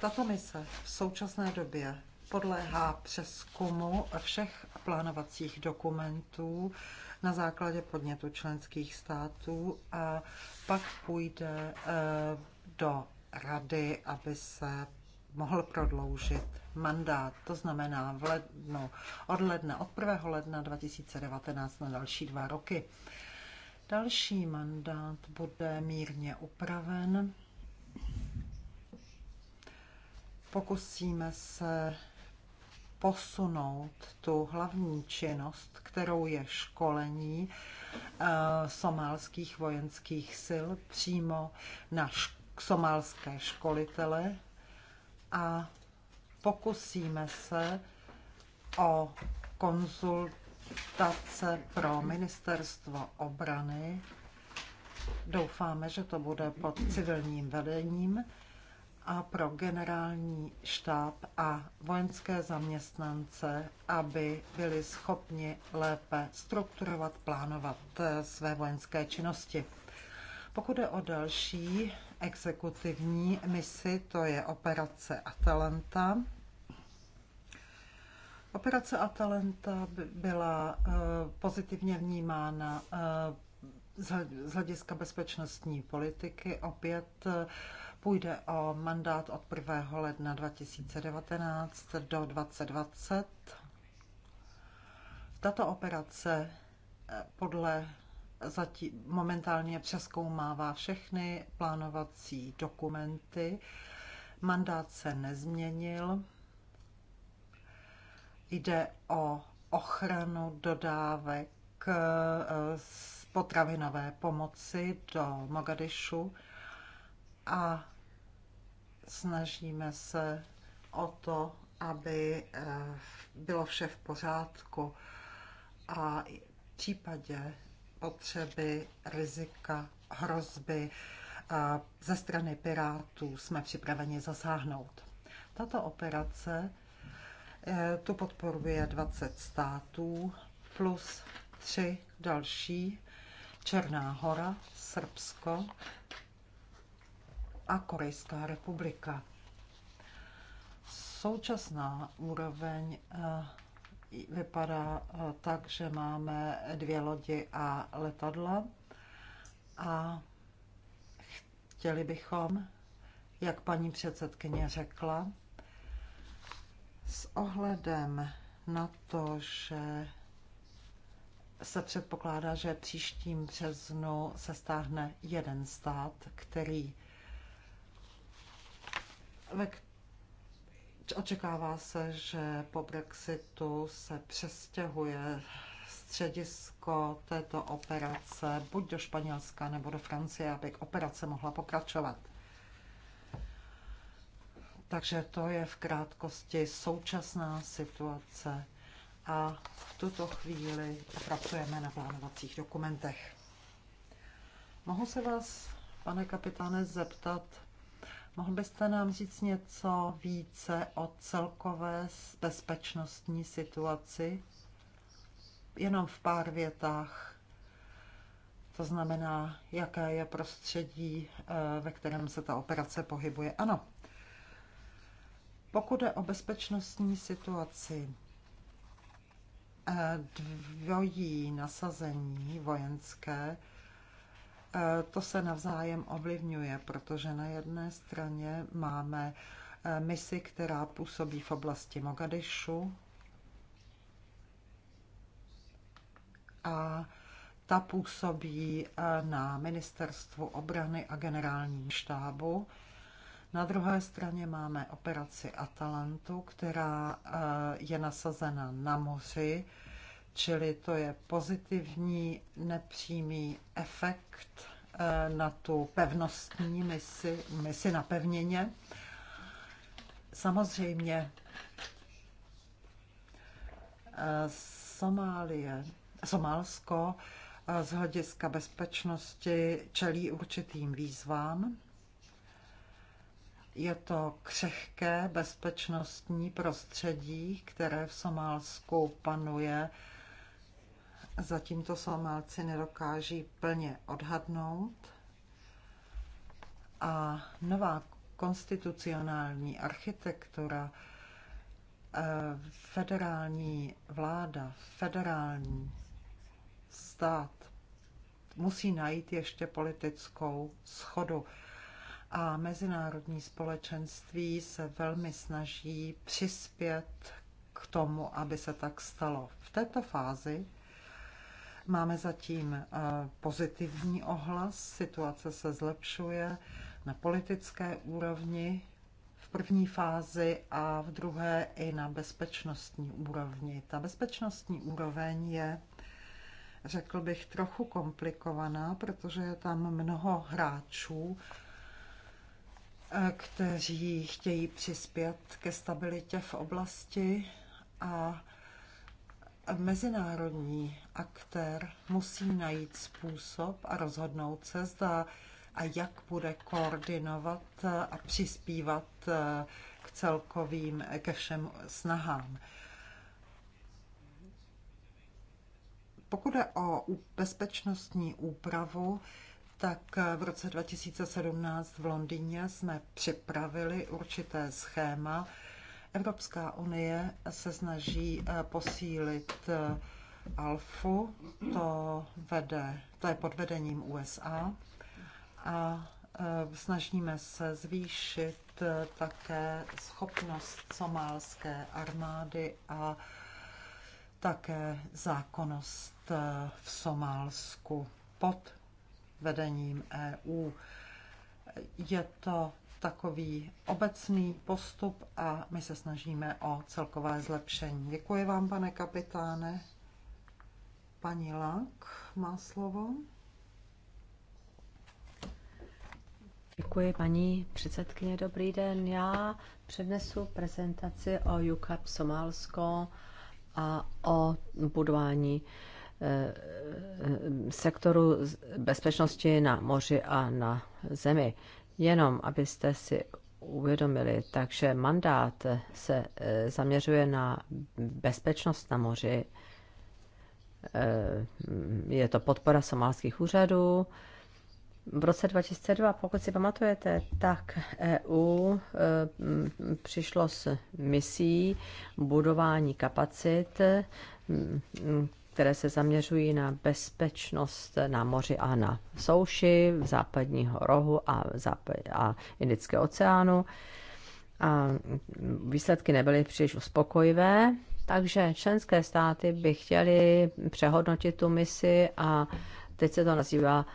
Tato mise v současné době podléhá přeskumu všech plánovacích dokumentů na základě podnětu členských států a pak půjde eh, do rady, aby se mohl prodloužit mandát, to znamená v lednu, od ledna, od 1. ledna 2019 na další dva roky. Další mandát bude mírně upraven. Pokusíme se posunout tu hlavní činnost, kterou je školení eh, somálských vojenských sil přímo na školení somálské školitele a pokusíme se o konzultace pro ministerstvo obrany. Doufáme, že to bude pod civilním vedením a pro generální štáb a vojenské zaměstnance, aby byli schopni lépe strukturovat, plánovat eh, své vojenské činnosti. Pokud je o další exekutivní misi, to je operace Atalanta. Operace Atalanta byla eh, pozitivně vnímána eh, z hlediska bezpečnostní politiky. Opět eh, půjde o mandát od 1. ledna 2019 do 2020. Tato operace podle zatím momentálně přeskoumává všechny plánovací dokumenty. Mandát se nezměnil. Jde o ochranu dodávek eh, z potravinové pomoci do Mogadišu a snažíme se o to, aby eh, bylo vše v pořádku. A v případě potřeby, rizika, hrozby ze strany Pirátů jsme připraveni zasáhnout. Tato operace e, tu podporuje 20 států plus tři další Černá hora, Srbsko a Korejská republika. Současná úroveň e, vypadá eh, tak, že máme dvě lodi a letadla a chtěli bychom, jak paní předsedkyně řekla, s ohledem na to, že se předpokládá, že příštím březnu se stáhne jeden stát, který, ve Očekává se, že po Brexitu se přestěhuje středisko této operace buď do Španělska nebo do Francie, aby operace mohla pokračovat. Takže to je v krátkosti současná situace a v tuto chvíli pracujeme na plánovacích dokumentech. Mohu se vás, pane kapitáne, zeptat, Mohl byste nám říct něco více o celkové bezpečnostní situaci? Jenom v pár větách. To znamená, jaké je prostředí, eh, ve kterém se ta operace pohybuje. Ano. Pokud je o bezpečnostní situaci, eh, dvojí nasazení vojenské Eh, to se navzájem ovlivňuje, protože na jedné straně máme eh, misi, která působí v oblasti Mogadišu a ta působí eh, na ministerstvu obrany a generální štábu. Na druhé straně máme operaci Atalantu, která je nasazena na moři Čili to je pozitivní nepřímý efekt eh, na tu pevnostní misi, misi na pevněně. Samozřejmě eh, Somálie, Somálsko eh, z hlediska bezpečnosti čelí určitým výzvám. Je to křehké bezpečnostní prostředí, které v Somálsku panuje Zatím to Somálci nedokáží plně odhadnout. A nová konstitucionální architektura, eh, federální vláda, federální stát musí najít ještě politickou schodu. A mezinárodní společenství se velmi snaží přispět k tomu, aby se tak stalo. V této fázi Máme zatím eh, pozitivní ohlas, situace se zlepšuje na politické úrovni v první fázi a v druhé i na bezpečnostní úrovni. Ta bezpečnostní úroveň je, řekl bych, trochu komplikovaná, protože je tam mnoho hráčů, eh, kteří chtějí přispět ke stabilitě v oblasti a mezinárodní aktér musí najít způsob a rozhodnout se, zda a jak bude koordinovat a přispívat eh, k celkovým, eh, ke všem snahám. Pokud je o bezpečnostní úpravu, tak eh, v roce 2017 v Londýně jsme připravili určité schéma, Evropská unie se snaží eh, posílit eh, Alfu, to, vede, to je pod vedením USA a eh, snažíme se zvýšit také schopnost somálské armády a také zákonnost v Somálsku pod vedením EU. Je to takový obecný postup a my se snažíme o celkové zlepšení. Děkuji vám, pane kapitáne. Paní Lank, má slovo. Děkuji, paní předsedkyně. Dobrý den. Já přednesu prezentaci o UCAP Somálsko a o budování eh, eh, sektoru bezpečnosti na moři a na zemi. Jenom abyste si uvědomili, takže mandát se eh, zaměřuje na bezpečnost na moři. Eh, je to podpora somálských úřadů. V roce 2002, pokud si pamatujete, tak EU eh, přišlo s misí budování kapacit mm, které se zaměřují na bezpečnost na moři a na souši v západního rohu a, západ, a Indického oceánu. A výsledky nebyly příliš uspokojivé, takže členské státy by chtěly přehodnotit tu misi a teď se to nazývá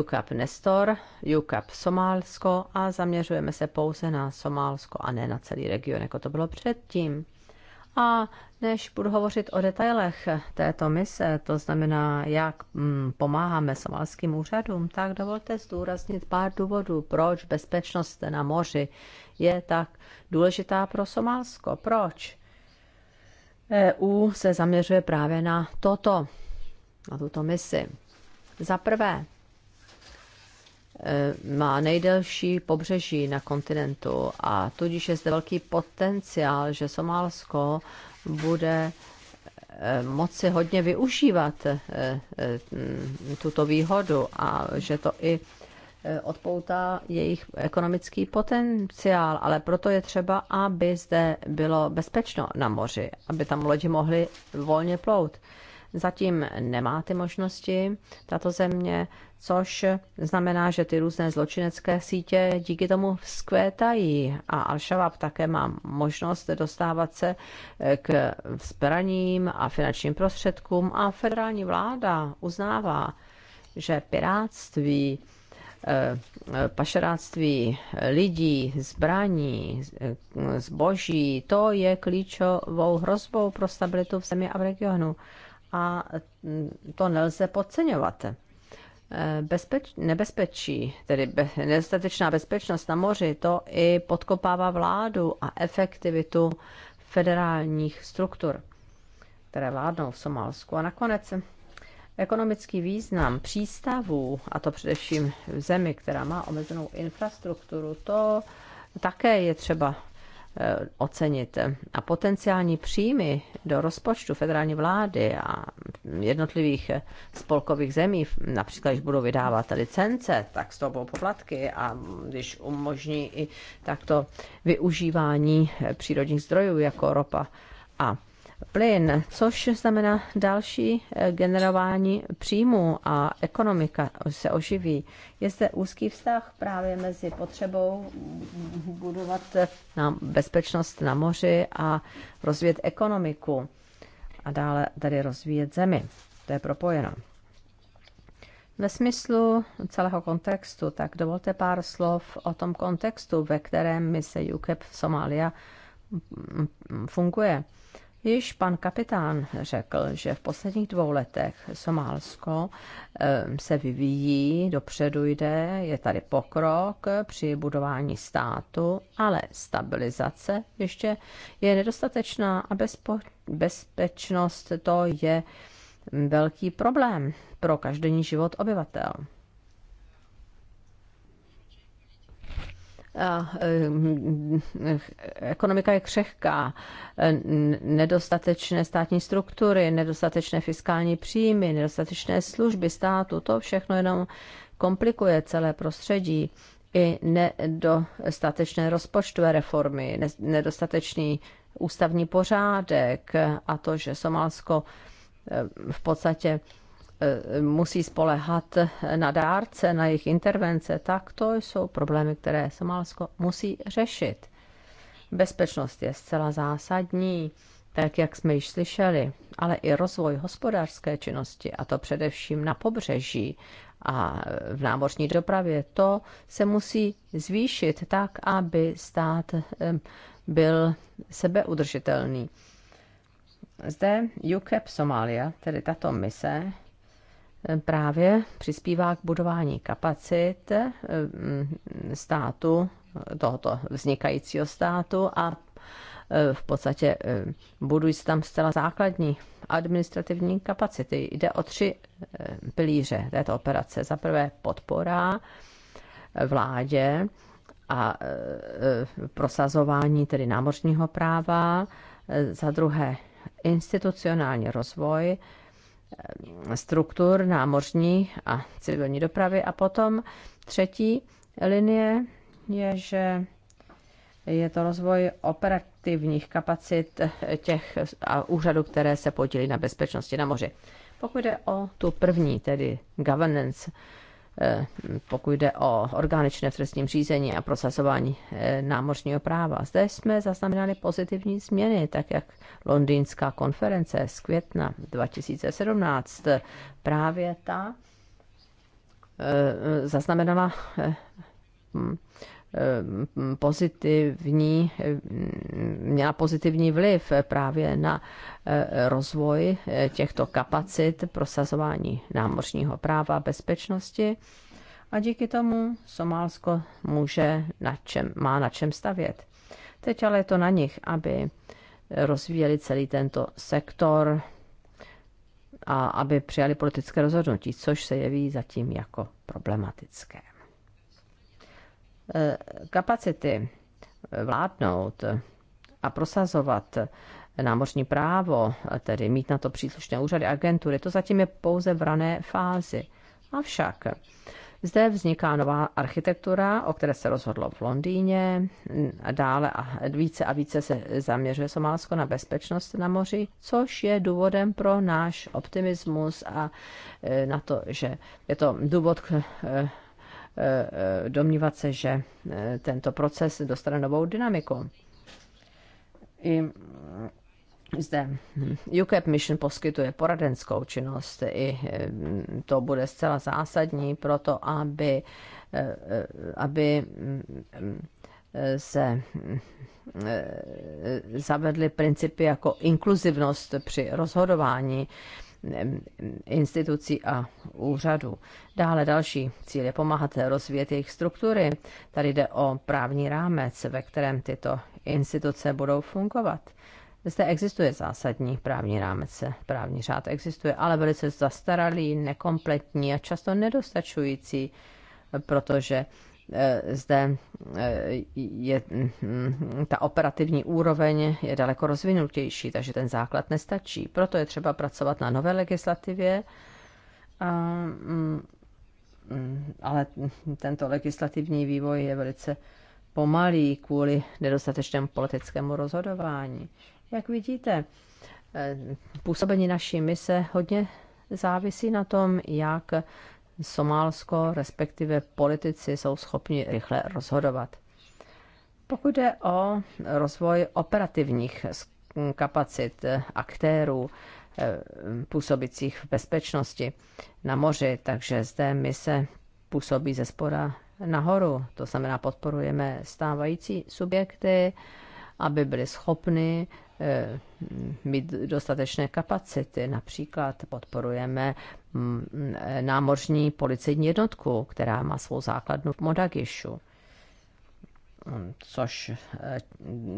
UCAP Nestor, UCAP Somálsko a zaměřujeme se pouze na Somálsko a ne na celý region, jako to bylo předtím. A než budu hovořit o detailech této mise, to znamená, jak mm, pomáháme somalským úřadům, tak dovolte zdůraznit pár důvodů, proč bezpečnost na moři je tak důležitá pro Somálsko. Proč? EU se zaměřuje právě na toto, na tuto misi. Za prvé, Eh, má nejdelší pobřeží na kontinentu a tudíž je zde velký potenciál, že Somálsko bude eh, moci hodně využívat eh, tuto výhodu a že to i odpoutá jejich ekonomický potenciál, ale proto je třeba, aby zde bylo bezpečno na moři, aby tam lodi mohly volně plout zatím nemá ty možnosti, tato země, což znamená, že ty různé zločinecké sítě díky tomu vzkvétají a Al-Shabaab také má možnost dostávat se eh, k zbraním a finančním prostředkům a federální vláda uznává, že piráctví eh, pašeráctví lidí, zbraní, eh, zboží, to je klíčovou hrozbou pro stabilitu v zemi a v regionu a mm, to nelze podceňovat. E, bezpeč, nebezpečí, tedy be, nedostatečná bezpečnost na moři, to i podkopává vládu a efektivitu federálních struktur, které vládnou v Somálsku. A nakonec ekonomický význam přístavů, a to především v zemi, která má omezenou infrastrukturu, to také je třeba Eh, ocenit. A potenciální příjmy do rozpočtu federální vlády a jednotlivých eh, spolkových zemí, například když budou vydávat licence, tak z toho budou poplatky a když umožní i takto využívání eh, přírodních zdrojů jako ropa a plyn, což znamená další eh, generování příjmů a ekonomika se oživí. Je zde úzký vztah právě mezi potřebou budovat eh, na bezpečnost na moři a rozvíjet ekonomiku a dále tady rozvíjet zemi. To je propojeno. Ve smyslu celého kontextu, tak dovolte pár slov o tom kontextu, ve kterém mise UKEP v Somália mm, mm, funguje. Již pan kapitán řekl, že v posledních dvou letech Somálsko ehm, se vyvíjí, dopředu jde, je tady pokrok při budování státu, ale stabilizace ještě je nedostatečná a bezpo- bezpečnost to je velký problém pro každodenní život obyvatel. Eh, eh, ekonomika je křehká, nedostatečné státní struktury, nedostatečné fiskální příjmy, nedostatečné služby státu, to všechno jenom komplikuje celé prostředí i nedostatečné rozpočtové reformy, nedostatečný ústavní pořádek a to, že Somálsko eh, v podstatě Eh, musí spolehat na dárce, na jejich intervence, tak to jsou problémy, které Somálsko musí řešit. Bezpečnost je zcela zásadní, tak jak jsme již slyšeli, ale i rozvoj hospodářské činnosti, a to především na pobřeží a v námořní dopravě, to se musí zvýšit tak, aby stát eh, byl sebeudržitelný. Zde UCAP Somalia, tedy tato mise, právě přispívá k budování kapacit mm, státu, tohoto vznikajícího státu a eh, v podstatě eh, budují se tam zcela základní administrativní kapacity. Jde o tři eh, pilíře této operace. Za prvé podpora vládě a prosazování tedy námořního práva, za druhé institucionální rozvoj struktur námořní a civilní dopravy. A potom třetí linie je, že je to rozvoj operativních kapacit těch úřadů, které se podílí na bezpečnosti na moři. Pokud jde o tu první, tedy governance, Eh, pokud jde o organičné v trestním řízení a procesování eh, námořního práva. Zde jsme zaznamenali pozitivní změny, tak jak londýnská konference z května 2017 právě ta eh, zaznamenala hm, Eh, pozitivní, eh, měla pozitivní vliv právě na eh, rozvoj těchto kapacit prosazování námořního práva a bezpečnosti. A díky tomu Somálsko může na čem, má na čem stavět. Teď ale je to na nich, aby rozvíjeli celý tento sektor a aby přijali politické rozhodnutí, což se jeví zatím jako problematické. Eh, kapacity vládnout a prosazovat námořní právo, tedy mít na to příslušné úřady agentury, to zatím je pouze v rané fázi. Avšak zde vzniká nová architektura, o které se rozhodlo v Londýně. A dále a více a více se zaměřuje Somálsko na bezpečnost na moři, což je důvodem pro náš optimismus a eh, na to, že je to důvod, eh, Eh, eh, domnívat se, že eh, tento proces dostane novou dynamiku. I mm, zde hm, UCAP Mission poskytuje poradenskou činnost. I hm, to bude zcela zásadní pro to, aby, aby hm, se zavedly principy jako inkluzivnost při rozhodování institucí a úřadů. Dále další cíl je pomáhat rozvíjet jejich struktury. Tady jde o právní rámec, ve kterém tyto instituce budou fungovat. Zde existuje zásadní právní rámec, právní řád existuje, ale velice zastaralý, nekompletní a často nedostačující, protože Eh, zde eh, je hm, ta operativní úroveň je daleko rozvinutější, takže ten základ nestačí. Proto je třeba pracovat na nové legislativě, hm, hm, ale tento legislativní vývoj je velice pomalý kvůli nedostatečnému politickému rozhodování. Jak vidíte, eh, působení naší mise hodně závisí na tom, jak Somálsko, respektive politici, jsou schopni rychle rozhodovat. Pokud jde o rozvoj operativních kapacit aktérů eh, působících v bezpečnosti na moři, takže zde my se působí ze spora nahoru. To znamená, podporujeme stávající subjekty, aby byly schopny Eh, mít dostatečné kapacity. Například podporujeme mm, námořní policejní jednotku, která má svou základnu v Modagišu což eh,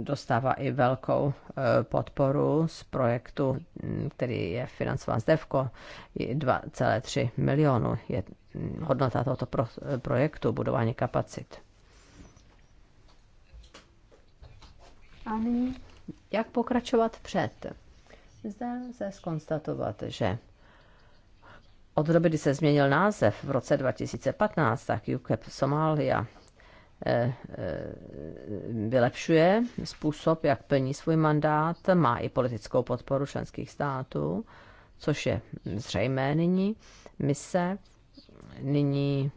dostává i velkou eh, podporu z projektu, mm, který je financován z DEVKO, 2,3 milionu je mm, hodnota tohoto projektu budování kapacit. A nyní jak pokračovat před? Zde se skonstatovat, že od doby, kdy se změnil název v roce 2015, tak UKEP Somália eh, eh, vylepšuje způsob, jak plní svůj mandát, má i politickou podporu členských států, což je zřejmé nyní. se nyní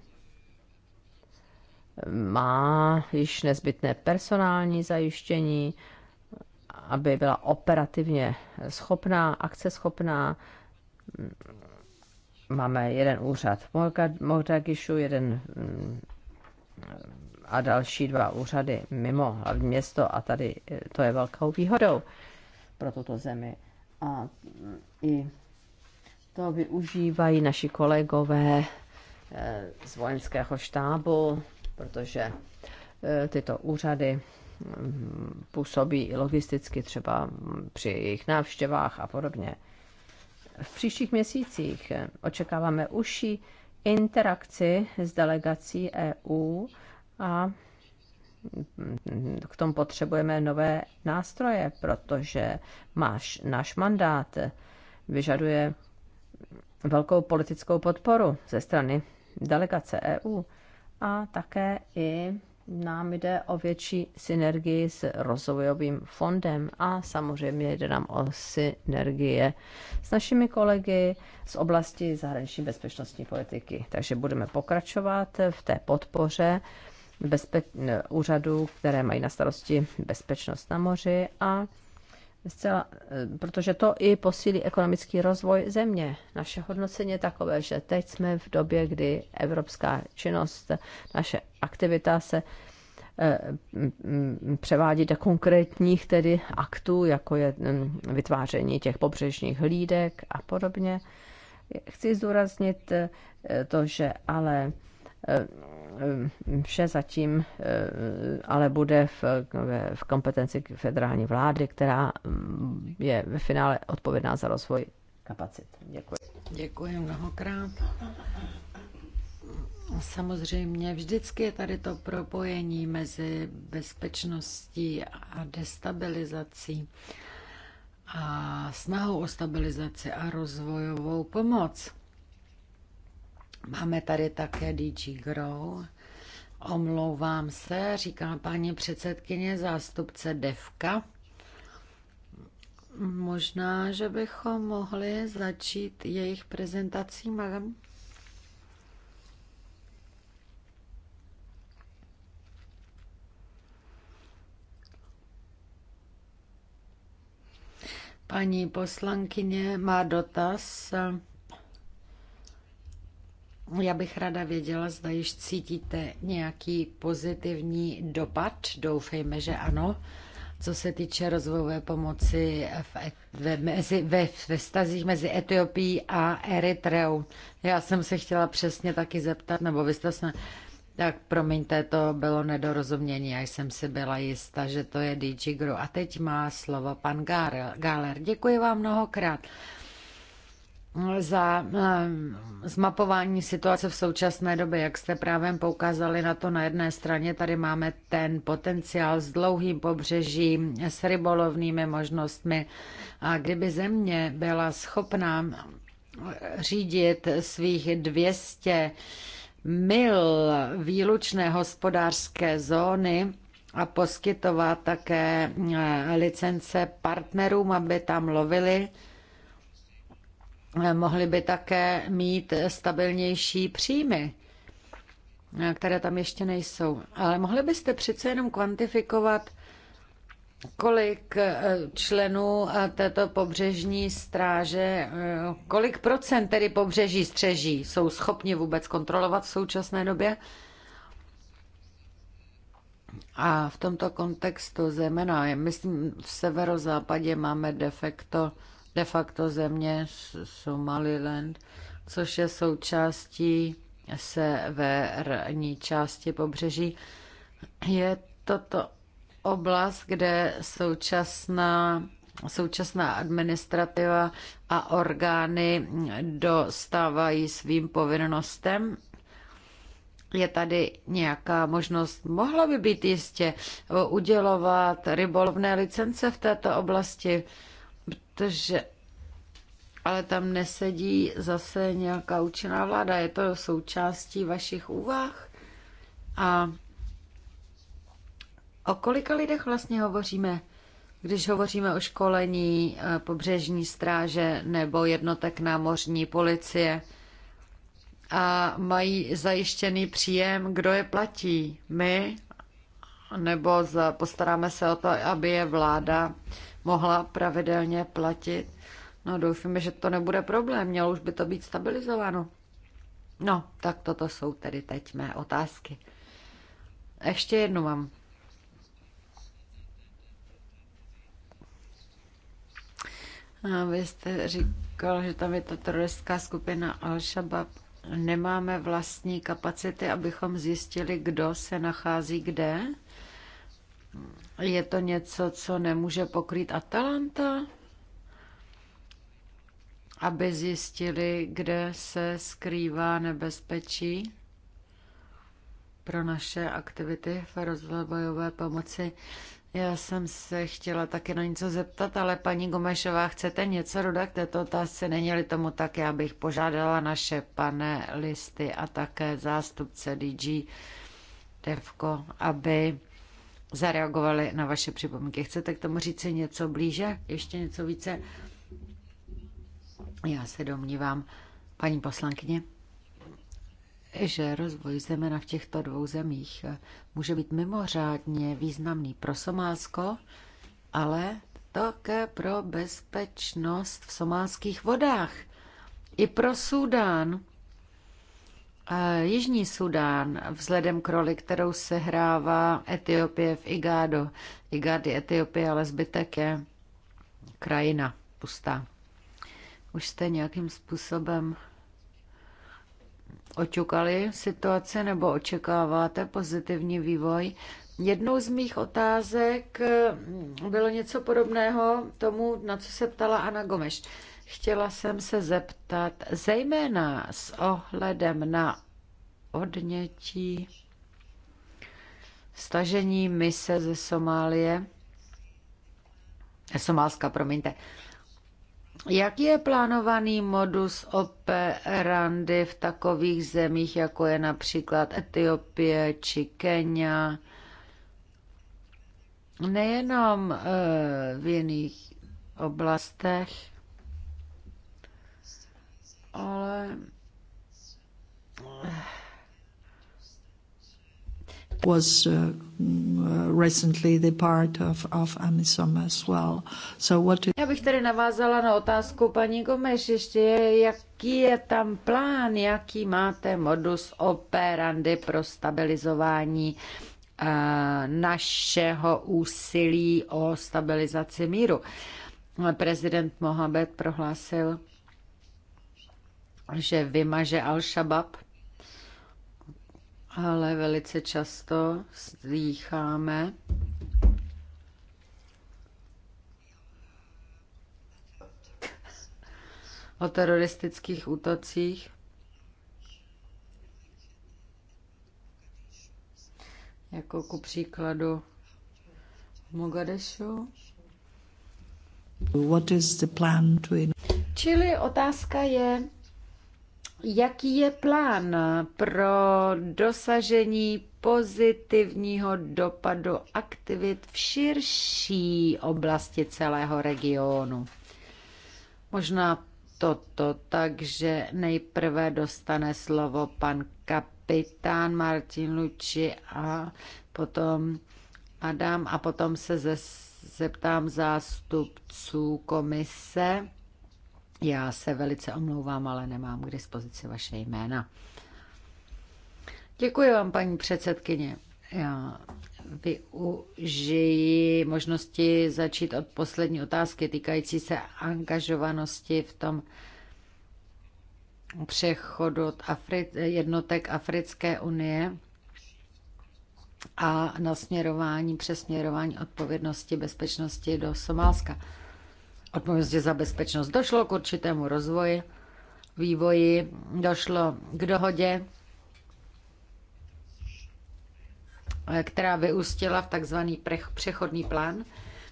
eh, má již nezbytné personální zajištění, aby byla operativně schopná, akceschopná. Máme jeden úřad v Mohdagišu, jeden mm, a další dva úřady mimo hlavní město a tady eh, to je velkou výhodou pro tuto zemi. A mm, i to využívají naši kolegové eh, z vojenského štábu, protože eh, tyto úřady působí logisticky třeba při jejich návštěvách a podobně. V příštích měsících očekáváme užší interakci s delegací EU a k tomu potřebujeme nové nástroje, protože máš, náš mandát vyžaduje velkou politickou podporu ze strany delegace EU a také i nám jde o větší synergii s rozvojovým fondem a samozřejmě jde nám o synergie s našimi kolegy z oblasti zahraniční bezpečnostní politiky. Takže budeme pokračovat v té podpoře bezpe- úřadů, které mají na starosti bezpečnost na moři a zcela, eh, protože to i posílí ekonomický rozvoj země. Naše hodnocení je takové, že teď jsme v době, kdy evropská činnost, naše aktivita se eh, převádí do konkrétních tedy aktů, jako je mm, vytváření těch pobřežních hlídek a podobně. Chci zdůraznit eh, to, že ale Eh, vše zatím eh, ale bude v, v kompetenci federální vlády, která mm, je ve finále odpovědná za rozvoj kapacit. Děkuji. Děkuji mnohokrát. Samozřejmě vždycky je tady to propojení mezi bezpečností a destabilizací a snahou o stabilizaci a rozvojovou pomoc. Máme tady také DG Grow. Omlouvám se, říká paní předsedkyně zástupce Devka. Možná, že bychom mohli začít jejich prezentací, madam. Paní poslankyně má dotaz. Já bych ráda věděla, zda již cítíte nějaký pozitivní dopad. Doufejme, že ano. Co se týče rozvojové pomoci v, e- ve, mezi, ve, ve stazích mezi Etiopií a Eritreou. Já jsem se chtěla přesně taky zeptat, nebo vy jste se... Tak promiňte, to bylo nedorozumění, já jsem si byla jistá, že to je DG Gru. A teď má slovo pan Gáler. Děkuji vám mnohokrát za eh, zmapování situace v současné době, jak jste právě poukázali na to na jedné straně, tady máme ten potenciál s dlouhým pobřežím, s rybolovnými možnostmi. A kdyby země byla schopná řídit svých 200 mil výlučné hospodářské zóny, a poskytovat také eh, licence partnerům, aby tam lovili, mohli by také mít stabilnější příjmy které tam ještě nejsou. Ale mohli byste přece jenom kvantifikovat, kolik eh, členů eh, této pobřežní stráže, eh, kolik procent tedy pobřeží střeží jsou schopni vůbec kontrolovat v současné době? A v tomto kontextu zejména, myslím, v severozápadě máme defekto facto de facto země Somaliland, což je součástí severní části pobřeží. Je toto oblast, kde současná, současná administrativa a orgány dostávají svým povinnostem je tady nějaká možnost, mohla by být jistě udělovat rybolovné licence v této oblasti protože ale tam nesedí zase nějaká účinná vláda. Je to součástí vašich úvah? A o kolika lidech vlastně hovoříme, když hovoříme o školení eh, pobřežní stráže nebo jednotek námořní policie? A mají zajištěný příjem, kdo je platí? My nebo postaráme se o to, aby je vláda mohla pravidelně platit. No doufíme, že to nebude problém, mělo už by to být stabilizováno. No, tak toto jsou tedy teď mé otázky. Ještě jednu mám. A vy jste říkal, že tam je ta teroristická skupina Al-Shabaab. Nemáme vlastní kapacity, abychom zjistili, kdo se nachází kde? Je to něco, co nemůže pokrýt Atalanta? Aby zjistili, kde se skrývá nebezpečí pro naše aktivity v rozvojové pomoci. Já jsem se chtěla taky na něco zeptat, ale paní Gomešová, chcete něco dodat k této otázce? Není-li tomu tak, já bych požádala naše listy a také zástupce DG Devko, aby zareagovali na vaše připomínky. Chcete k tomu říct něco blíže? Ještě něco více? Já se domnívám, paní poslankyně, že rozvoj zemena v těchto dvou zemích může být mimořádně významný pro Somálsko, ale také pro bezpečnost v somálských vodách. I pro Súdán Jižní Sudán, vzhledem k roli, kterou se hrává Etiopie v Igádu. Igád je Etiopie, ale zbytek je krajina pustá. Už jste nějakým způsobem oťukali situaci nebo očekáváte pozitivní vývoj? Jednou z mých otázek eh, bylo něco podobného tomu, na co se ptala Ana Gomeš. Chtěla jsem se zeptat, zejména s ohledem na odnětí stažení mise ze Somálie, eh, Somálska, promiňte, jak je plánovaný modus operandi v takových zemích, jako je například Etiopie či Kenia? Nejenom eh, v jiných oblastech, ale eh, was uh, recently the part of, of Amisom as well. So what... Já bych tady navázala na otázku paní Gomeš ještě, jaký je tam plán, jaký máte modus operandi pro stabilizování uh, našeho úsilí o stabilizaci míru. Prezident Mohamed prohlásil, že vymaže Al-Shabaab, ale velice často slýcháme, o teroristických útocích. Jako ku příkladu v Mogadešu. What is the plan to... Čili otázka je, Jaký je plán pro dosažení pozitivního dopadu aktivit v širší oblasti celého regionu? Možná toto, takže nejprve dostane slovo pan kapitán Martin Luči a potom Adam a potom se zeptám zástupců komise já se velice omlouvám, ale nemám k dispozici vaše jména. Děkuji vám, paní předsedkyně. Já využiji možnosti začít od poslední otázky týkající se angažovanosti v tom přechodu od Afri- jednotek Africké unie a nasměrování, přesměrování odpovědnosti bezpečnosti do Somálska odpovědnosti za bezpečnost. Došlo k určitému rozvoji, vývoji, došlo k dohodě, eh, která vyústila v takzvaný přechodný plán,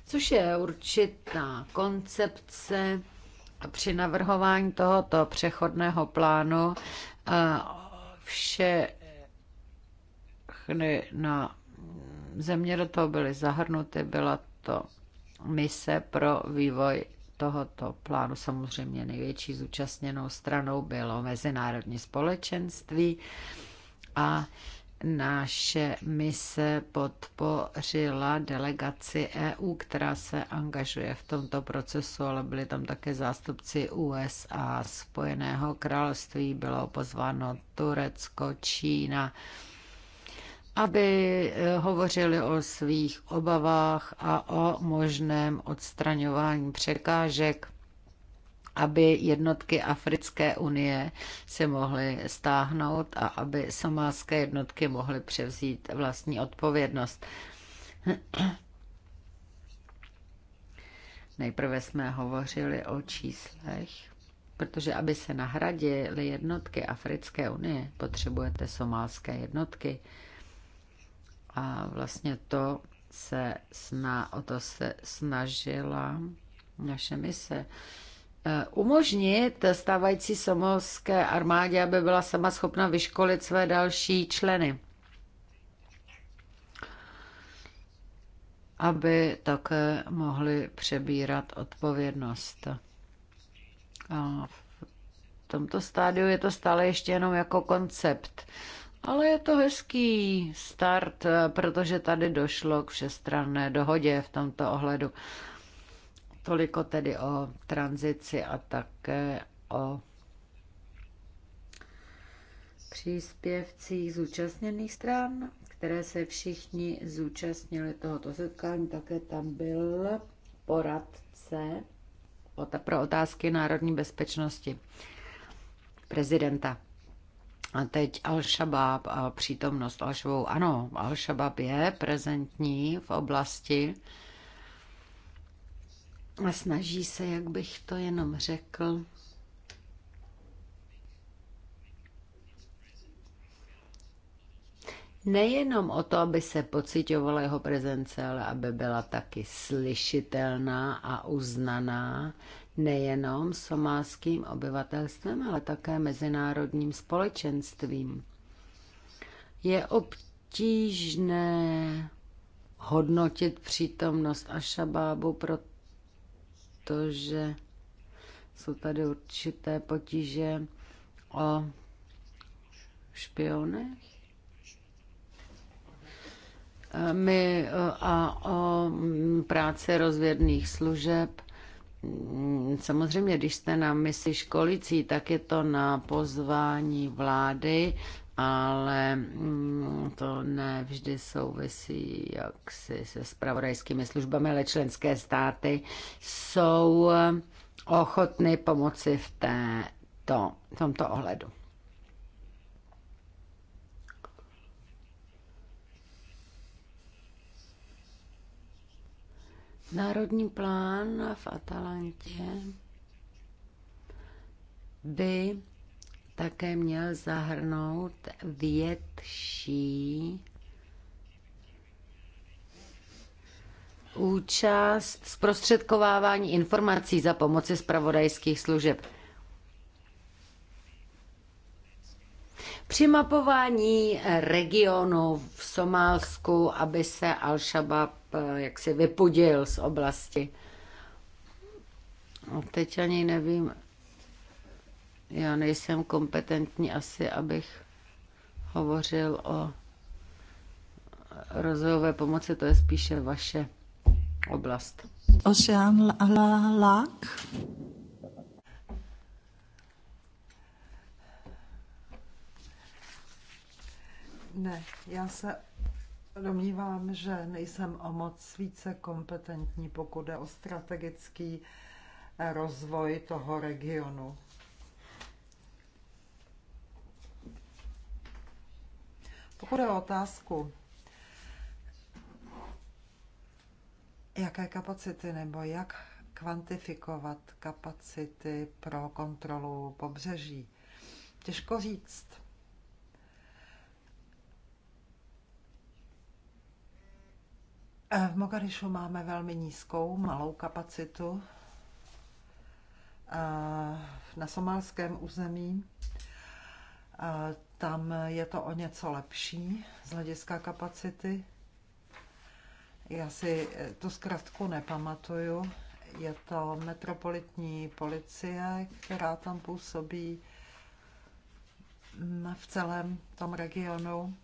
což je určitá koncepce při navrhování tohoto přechodného plánu eh, všechny na země do toho byly zahrnuty, byla to mise pro vývoj tohoto plánu samozřejmě největší zúčastněnou stranou bylo mezinárodní společenství a naše mise podpořila delegaci EU, která se angažuje v tomto procesu, ale byli tam také zástupci USA, Spojeného království, bylo pozváno Turecko, Čína, aby eh, hovořili o svých obavách a o možném odstraňování překážek, aby jednotky Africké unie se mohly stáhnout a aby somálské jednotky mohly převzít vlastní odpovědnost. Nejprve jsme hovořili o číslech, protože aby se nahradily jednotky Africké unie, potřebujete somálské jednotky. A vlastně to se sna, o to se snažila naše mise eh, umožnit stávající somalské armádě, aby byla sama schopna vyškolit své další členy. Aby také mohli přebírat odpovědnost. A v tomto stádiu je to stále ještě jenom jako koncept ale je to hezký start, protože tady došlo k všestranné dohodě v tomto ohledu. Toliko tedy o tranzici a také o příspěvcích zúčastněných stran, které se všichni zúčastnili tohoto setkání. Také tam byl poradce pro otázky národní bezpečnosti prezidenta. A teď Al-Shabaab a přítomnost al -Shabaab. Ano, Al-Shabaab je prezentní v oblasti a snaží se, jak bych to jenom řekl, nejenom o to, aby se pocitovala jeho prezence, ale aby byla taky slyšitelná a uznaná nejenom somálským obyvatelstvem, ale také mezinárodním společenstvím. Je obtížné hodnotit přítomnost Ašabábu, protože jsou tady určité potíže o špionech my eh, a o mm, práci rozvědných služeb Mm, samozřejmě, když jste na misi školicí, tak je to na pozvání vlády, ale mm, to ne vždy souvisí si se spravodajskými službami, ale členské státy jsou eh, ochotny pomoci v, této, tomto ohledu. Národní plán v Atalantě by také měl zahrnout větší účast zprostředkovávání informací za pomoci zpravodajských služeb. Při mapování regionu v Somálsku, aby se Al-Shabaab Eh, jak se vypudil z oblasti. A teď ani nevím, já nejsem kompetentní asi, abych hovořil o rozvojové pomoci, to je spíše vaše oblast. Oceán Lák. Ne, já se domnívám, že nejsem o moc více kompetentní, pokud jde o strategický eh, rozvoj toho regionu. Pokud je o otázku, jaké kapacity nebo jak kvantifikovat kapacity pro kontrolu pobřeží, těžko říct. Eh, v Mogadišu máme velmi nízkou, malou kapacitu. Eh, na somálském území eh, tam je to o něco lepší z hlediska kapacity. Já si tu zkrátku nepamatuju. Je to metropolitní policie, která tam působí mm, v celém tom regionu.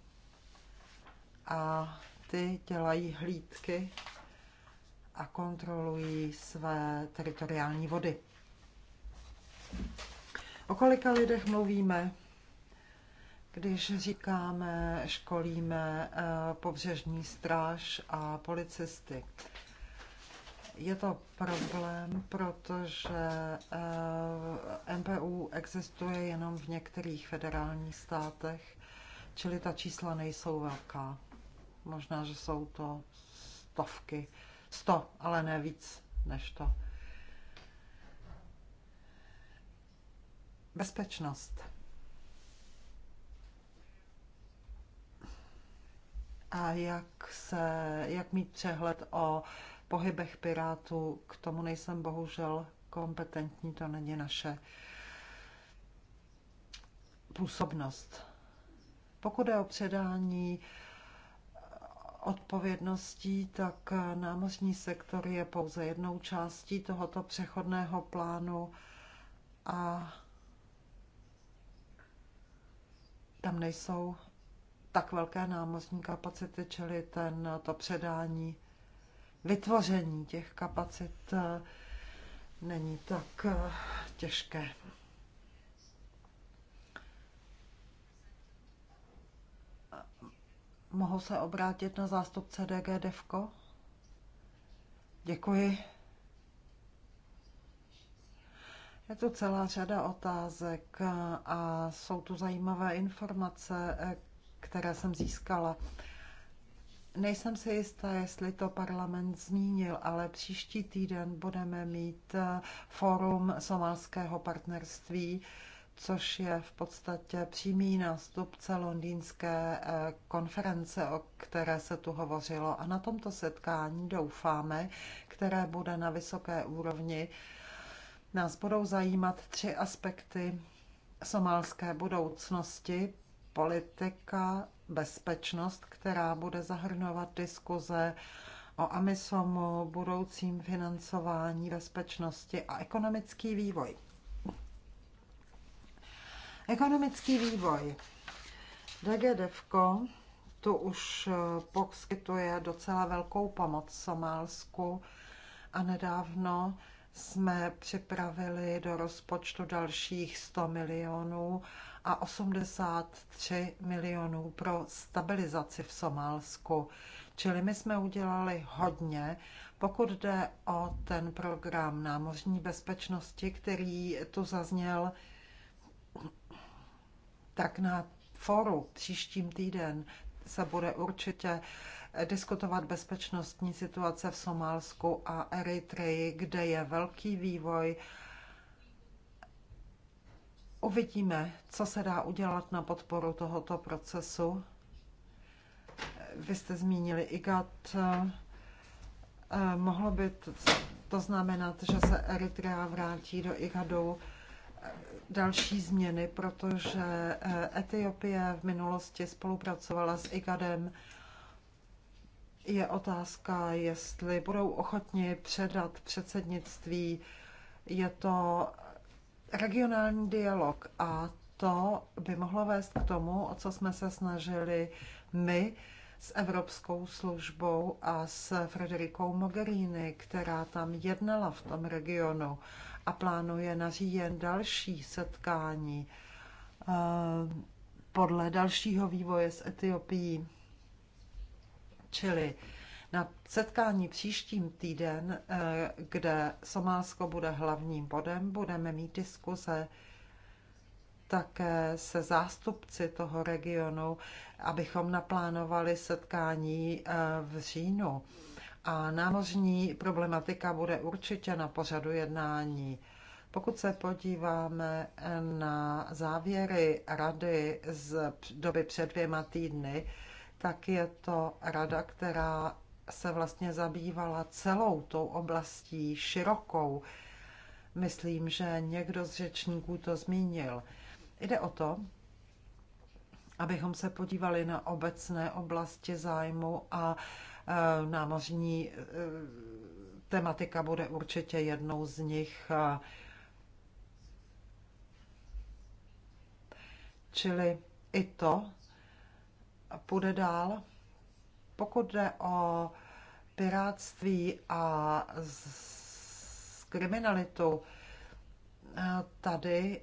A ty dělají hlídky a kontrolují své teritoriální vody. O kolika lidech mluvíme, když říkáme, školíme eh, pobřežní stráž a policisty? Je to problém, protože eh, MPU existuje jenom v některých federálních státech, čili ta čísla nejsou velká. Možná, že jsou to stovky, sto, ale ne víc než to. Bezpečnost. A jak, se, jak mít přehled o pohybech pirátů, k tomu nejsem bohužel kompetentní, to není naše působnost. Pokud je o předání odpovědností, tak eh, námořní sektor je pouze jednou částí tohoto přechodného plánu a tam nejsou tak velké námořní kapacity, čili ten, to předání, vytvoření těch kapacit eh, není tak eh, těžké. mohu se obrátit na zástupce DG Devko? Děkuji. Je tu celá řada otázek a jsou tu zajímavé informace, které jsem získala. Nejsem si jistá, jestli to parlament zmínil, ale příští týden budeme mít eh, fórum somálského partnerství, což je v podstatě přímý nástupce londýnské eh, konference, o které se tu hovořilo. A na tomto setkání doufáme, které bude na vysoké úrovni, nás budou zajímat tři aspekty somálské budoucnosti, politika, bezpečnost, která bude zahrnovat diskuze o Amisomu, budoucím financování bezpečnosti a ekonomický vývoj. Ekonomický vývoj. DGDFko to už eh, poskytuje docela velkou pomoc Somálsku a nedávno jsme připravili do rozpočtu dalších 100 milionů a 83 milionů pro stabilizaci v Somálsku. Čili my jsme udělali hodně, pokud jde o ten program námořní bezpečnosti, který tu zazněl, tak na foru příštím týden se bude určitě diskutovat bezpečnostní situace v Somálsku a Eritreji, kde je velký vývoj. Uvidíme, co se dá udělat na podporu tohoto procesu. Vy jste zmínili IGAT. Eh, mohlo by to znamenat, že se Eritrea vrátí do IGADu další změny, protože eh, Etiopie v minulosti spolupracovala s IGADem. Je otázka, jestli budou ochotni předat předsednictví. Je to regionální dialog a to by mohlo vést k tomu, o co jsme se snažili my s Evropskou službou a s Frederikou Mogherini, která tam jednala v tom regionu a plánuje na říjen další setkání eh, podle dalšího vývoje s Etiopií. Čili na setkání příštím týden, eh, kde Somálsko bude hlavním bodem, budeme mít diskuze také se zástupci toho regionu, abychom naplánovali setkání eh, v říjnu a námořní problematika bude určitě na pořadu jednání. Pokud se podíváme na závěry rady z doby před dvěma týdny, tak je to rada, která se vlastně zabývala celou tou oblastí širokou. Myslím, že někdo z řečníků to zmínil. Jde o to, abychom se podívali na obecné oblasti zájmu a Eh, námořní eh, tematika bude určitě jednou z nich. Čili i to půjde dál. Pokud jde o piráctví a kriminalitu, eh, tady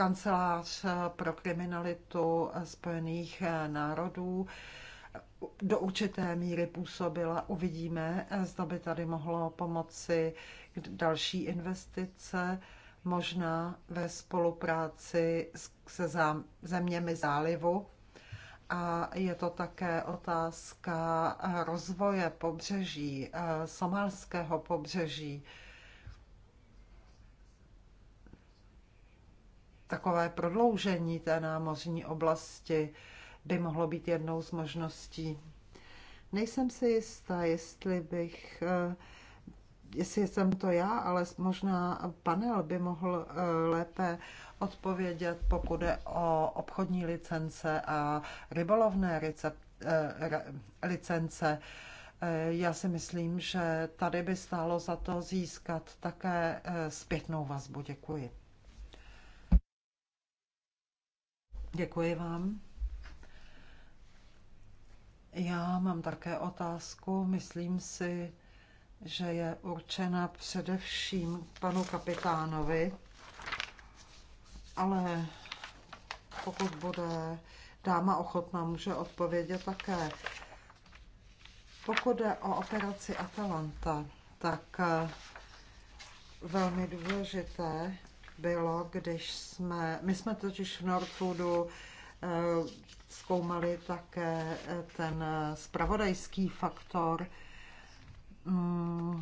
kancelář pro kriminalitu Spojených národů do určité míry působila. Uvidíme, zda by tady mohlo pomoci další investice, možná ve spolupráci se zeměmi zálivu. A je to také otázka rozvoje pobřeží, eh, somálského pobřeží. takové prodloužení té námořní oblasti by mohlo být jednou z možností. Nejsem si jistá, jestli bych, eh, jestli jsem to já, ale možná panel by mohl eh, lépe odpovědět, pokud je o obchodní licence a rybolovné eh, licence. Já si myslím, že tady by stálo za to získat také zpětnou vazbu. Děkuji. Děkuji vám. Já mám také otázku. Myslím si, že je určena především panu kapitánovi, ale pokud bude dáma ochotná, může odpovědět také. Pokud jde o operaci Atalanta, tak eh, velmi důležité bylo, když jsme, my jsme totiž v Nordfoodu eh, zkoumali také eh, ten spravodajský eh, faktor. Mm.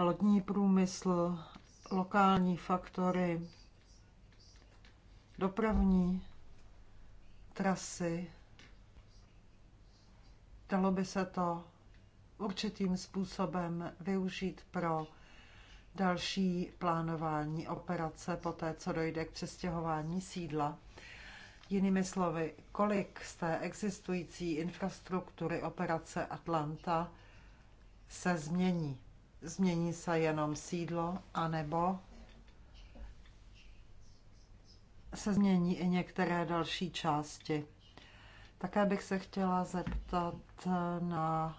Lodní průmysl, lokální faktory, dopravní trasy. Dalo by se to určitým způsobem využít pro další plánování operace po té, co dojde k přestěhování sídla. Jinými slovy, kolik z té existující infrastruktury operace Atlanta se změní? Změní se jenom sídlo, anebo se změní i některé další části? Také bych se chtěla zeptat na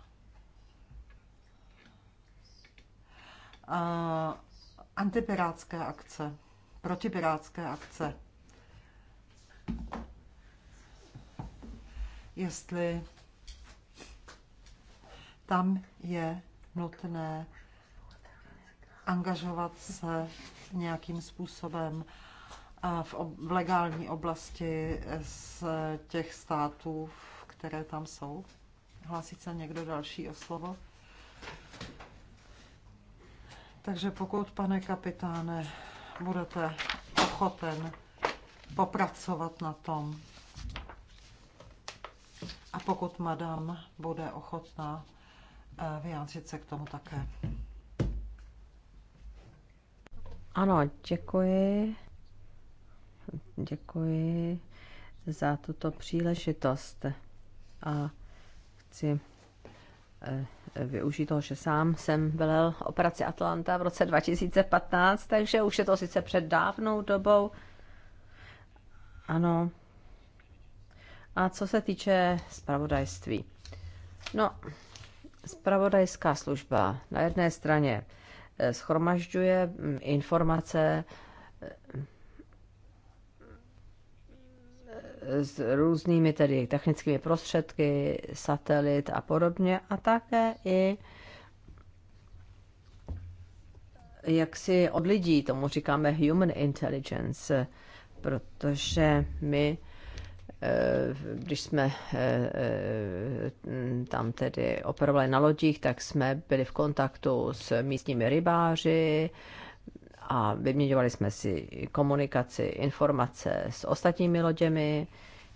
Eh, antipirátské akce, protipirátské akce. Jestli tam je nutné angažovat se nějakým způsobem eh, v, v legální oblasti z těch států, které tam jsou. Hlásí se někdo další o slovo? Takže pokud, pane kapitáne, budete ochoten popracovat na tom, a pokud madam bude ochotná eh, vyjádřit se k tomu také. Ano, děkuji. Děkuji za tuto příležitost a chci eh, využít toho, že sám jsem velel operaci Atlanta v roce 2015, takže už je to sice před dávnou dobou. Ano. A co se týče spravodajství. No, spravodajská služba na jedné straně eh, schromažďuje mm, informace s různými tedy technickými prostředky, satelit a podobně a také i jak si od lidí, tomu říkáme human intelligence, protože my, eh, když jsme eh, eh, tam tedy operovali na lodích, tak jsme byli v kontaktu s místními rybáři, a vyměňovali jsme si komunikaci, informace s ostatními loděmi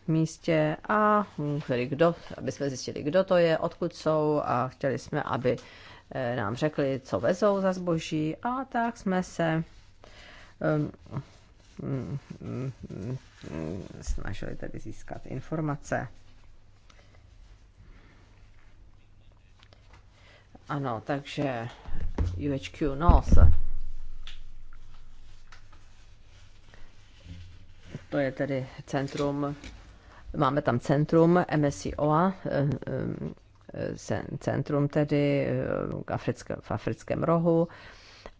v místě a chtěli kdo, aby jsme zjistili, kdo to je, odkud jsou a chtěli jsme, aby eh, nám řekli, co vezou za zboží a tak jsme se um, um, um, snažili tedy získat informace. Ano, takže UHQ North to je tedy centrum, máme tam centrum MSCOA, eh, eh, eh, centrum tedy africkém, v africkém rohu,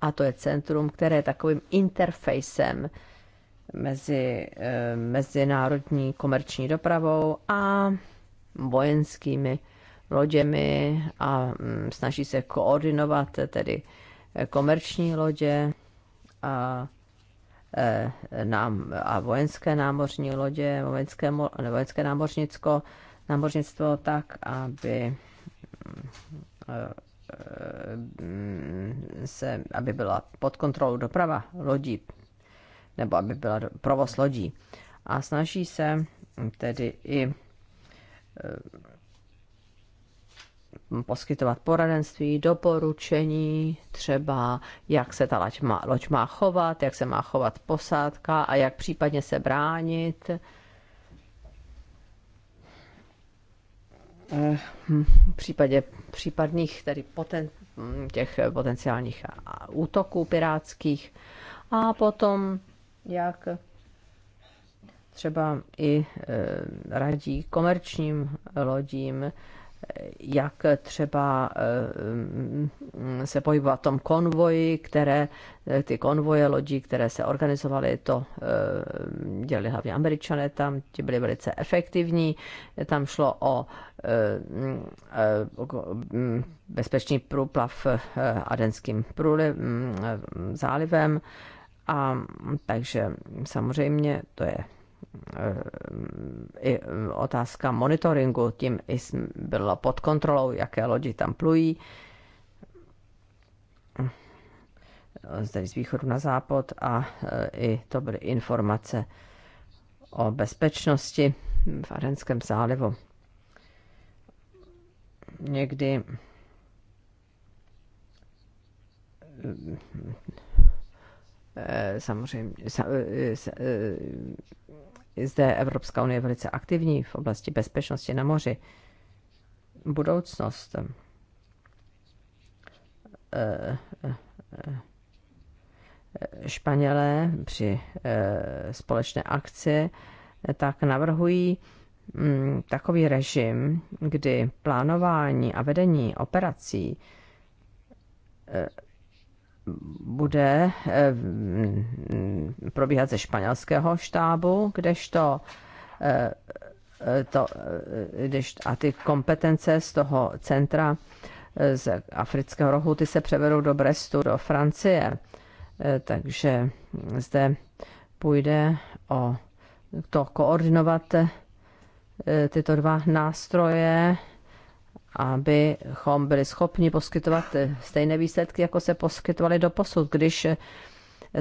a to je centrum, které je takovým interfejsem mezi mezinárodní komerční dopravou a vojenskými loděmi a mm, snaží se koordinovat tedy komerční lodě a Eh, nám a vojenské námořní lodě, vojenské, vojenské námořnicko, námořnictvo tak, aby eh, eh, se, aby byla pod kontrolou doprava lodí, nebo aby byla provoz lodí. A snaží se tedy i poskytovat poradenství, doporučení, třeba jak se ta loď má, loď má chovat, jak se má chovat posádka a jak případně se bránit. Eh, hm, v případě případných tedy poten, hm, těch potenciálních útoků pirátských a potom jak třeba i eh, radí komerčním lodím, jak třeba eh, se pohybovat v tom konvoji, které, eh, ty konvoje lodí, které se organizovaly, to eh, dělali hlavně američané tam, ti byli velice efektivní, tam šlo o bezpečný průplav Adenským průlivem, mm, zálivem, a takže samozřejmě to je Eh, i eh, otázka monitoringu, tím i bylo pod kontrolou, jaké lodi tam plují. Eh, zde z východu na západ a i to byly informace o bezpečnosti v Arenském zálivu. Někdy samozřejmě zde Evropská unie velice aktivní v oblasti bezpečnosti na moři. Budoucnost eh, eh, eh, Španělé při společné akci tak navrhují mm, takový režim, kdy plánování a vedení operací bude eh, probíhat ze španělského štábu, kdežto eh, eh, to, když, a ty kompetence z toho centra z afrického rohu, ty se převedou do Brestu, do Francie. Takže zde půjde o to koordinovat tyto dva nástroje abychom byli schopni poskytovat stejné výsledky, jako se poskytovaly do posud, když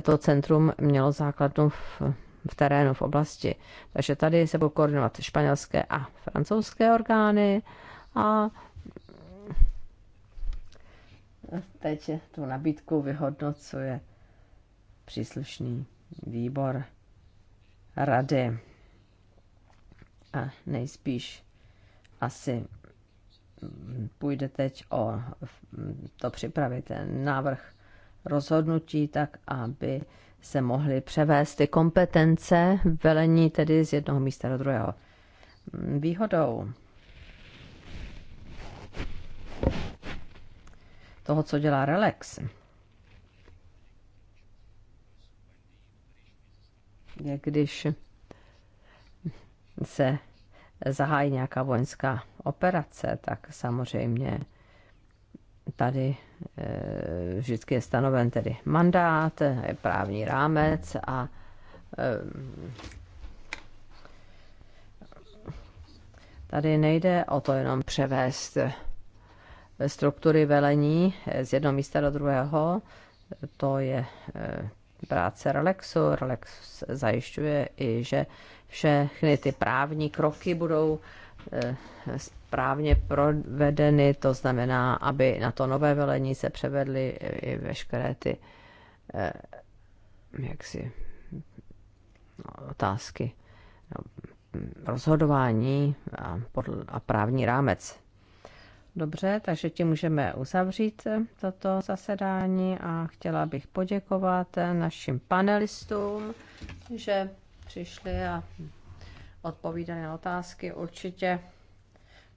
to centrum mělo základnu v, v terénu, v oblasti. Takže tady se budou koordinovat španělské a francouzské orgány a teď tu nabídku vyhodnocuje příslušný výbor rady. A nejspíš asi půjde teď o to připravit ten návrh rozhodnutí tak, aby se mohly převést ty kompetence velení tedy z jednoho místa do druhého. Výhodou toho, co dělá Relax, je když se zahájí nějaká vojenská operace, tak samozřejmě tady eh, vždycky je stanoven tedy mandát, právní rámec a eh, tady nejde o to jenom převést struktury velení z jednoho místa do druhého, to je eh, práce Relaxu. Relax zajišťuje i, že všechny ty právní kroky budou eh, správně provedeny, to znamená, aby na to nové velení se převedly i veškeré ty eh, jaksi no, otázky no, rozhodování a, podl- a právní rámec. Dobře, takže tím můžeme uzavřít eh, toto zasedání a chtěla bych poděkovat našim panelistům, že přišli a odpovídali na otázky. Určitě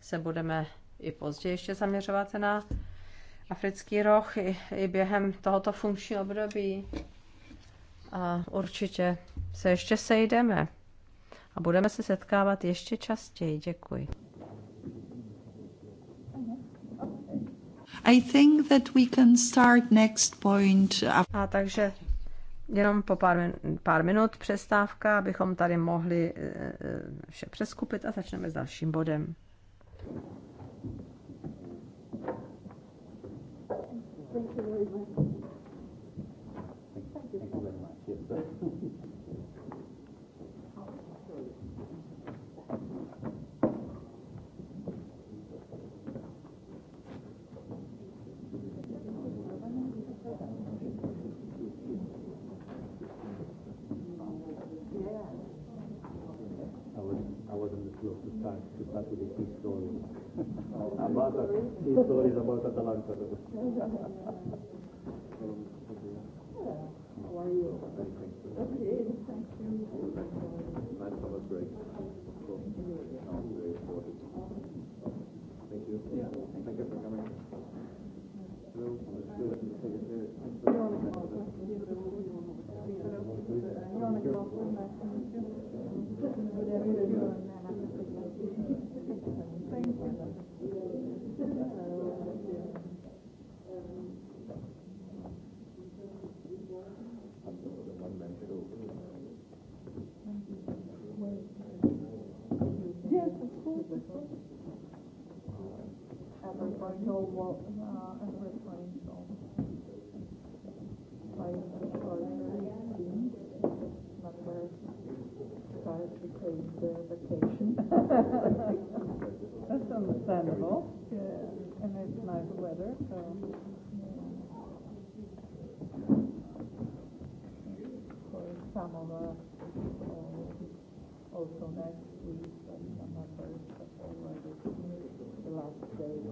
se budeme i později ještě zaměřovat na africký roh i, i během tohoto funkčního období. A určitě se ještě sejdeme a budeme se setkávat ještě častěji. Děkuji. I think that we can start next point. A takže jenom po pár, min, pár minut přestávka, abychom tady mohli eh, eh, vše přeskupit a začneme s dalším bodem. Thank you very much. Thank you very much. Yes, wasn't the close to start to start with a key story about a key story is about Atalanta. How are you. Okay, thank you.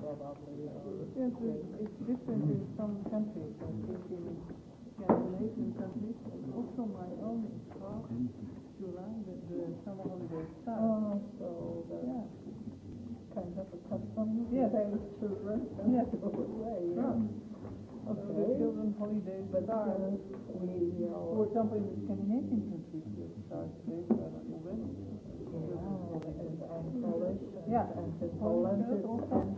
about the yes, it's different in some countries. I think in Scandinavian countries, also my own class, July, the, the summer holiday starts. Oh, so that yeah. kind of a custom. Yes, I was children. Yes, all the way. Yeah. yeah. Okay. So the children holidays start. We, you know, for example, in the Scandinavian countries, they start very already. Yeah, and, and Polish. Yeah, and, and Poland also.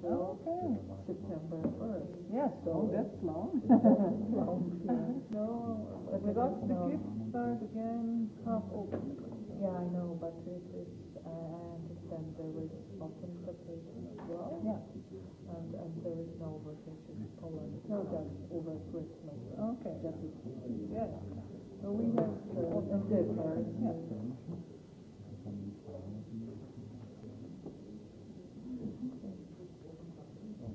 Okay, September first. Yes, so oh, that's long. No, but we got the gift gifts again half open. Yeah, I know, but it is, uh, I understand there was open vacation as well. Yeah. And, and there is no vacation in Poland. No, just over Christmas. Okay. yes. So we have uh, open difference. Yeah.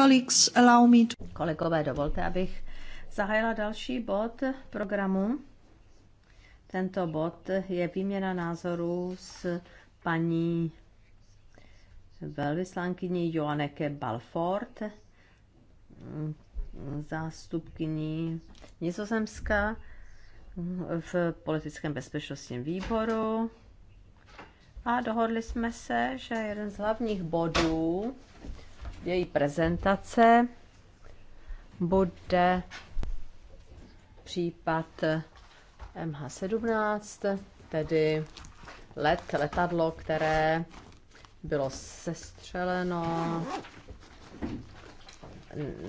colleagues, allow me to... Kolegové, dovolte, abych zahájila další bod programu. Tento bod je výměna názorů s paní velvyslankyní Joanneke Balfort, zástupkyní Nizozemska v politickém bezpečnostním výboru. A dohodli jsme se, že jeden z hlavních bodů její prezentace bude případ MH17, tedy let, letadlo, které bylo sestřeleno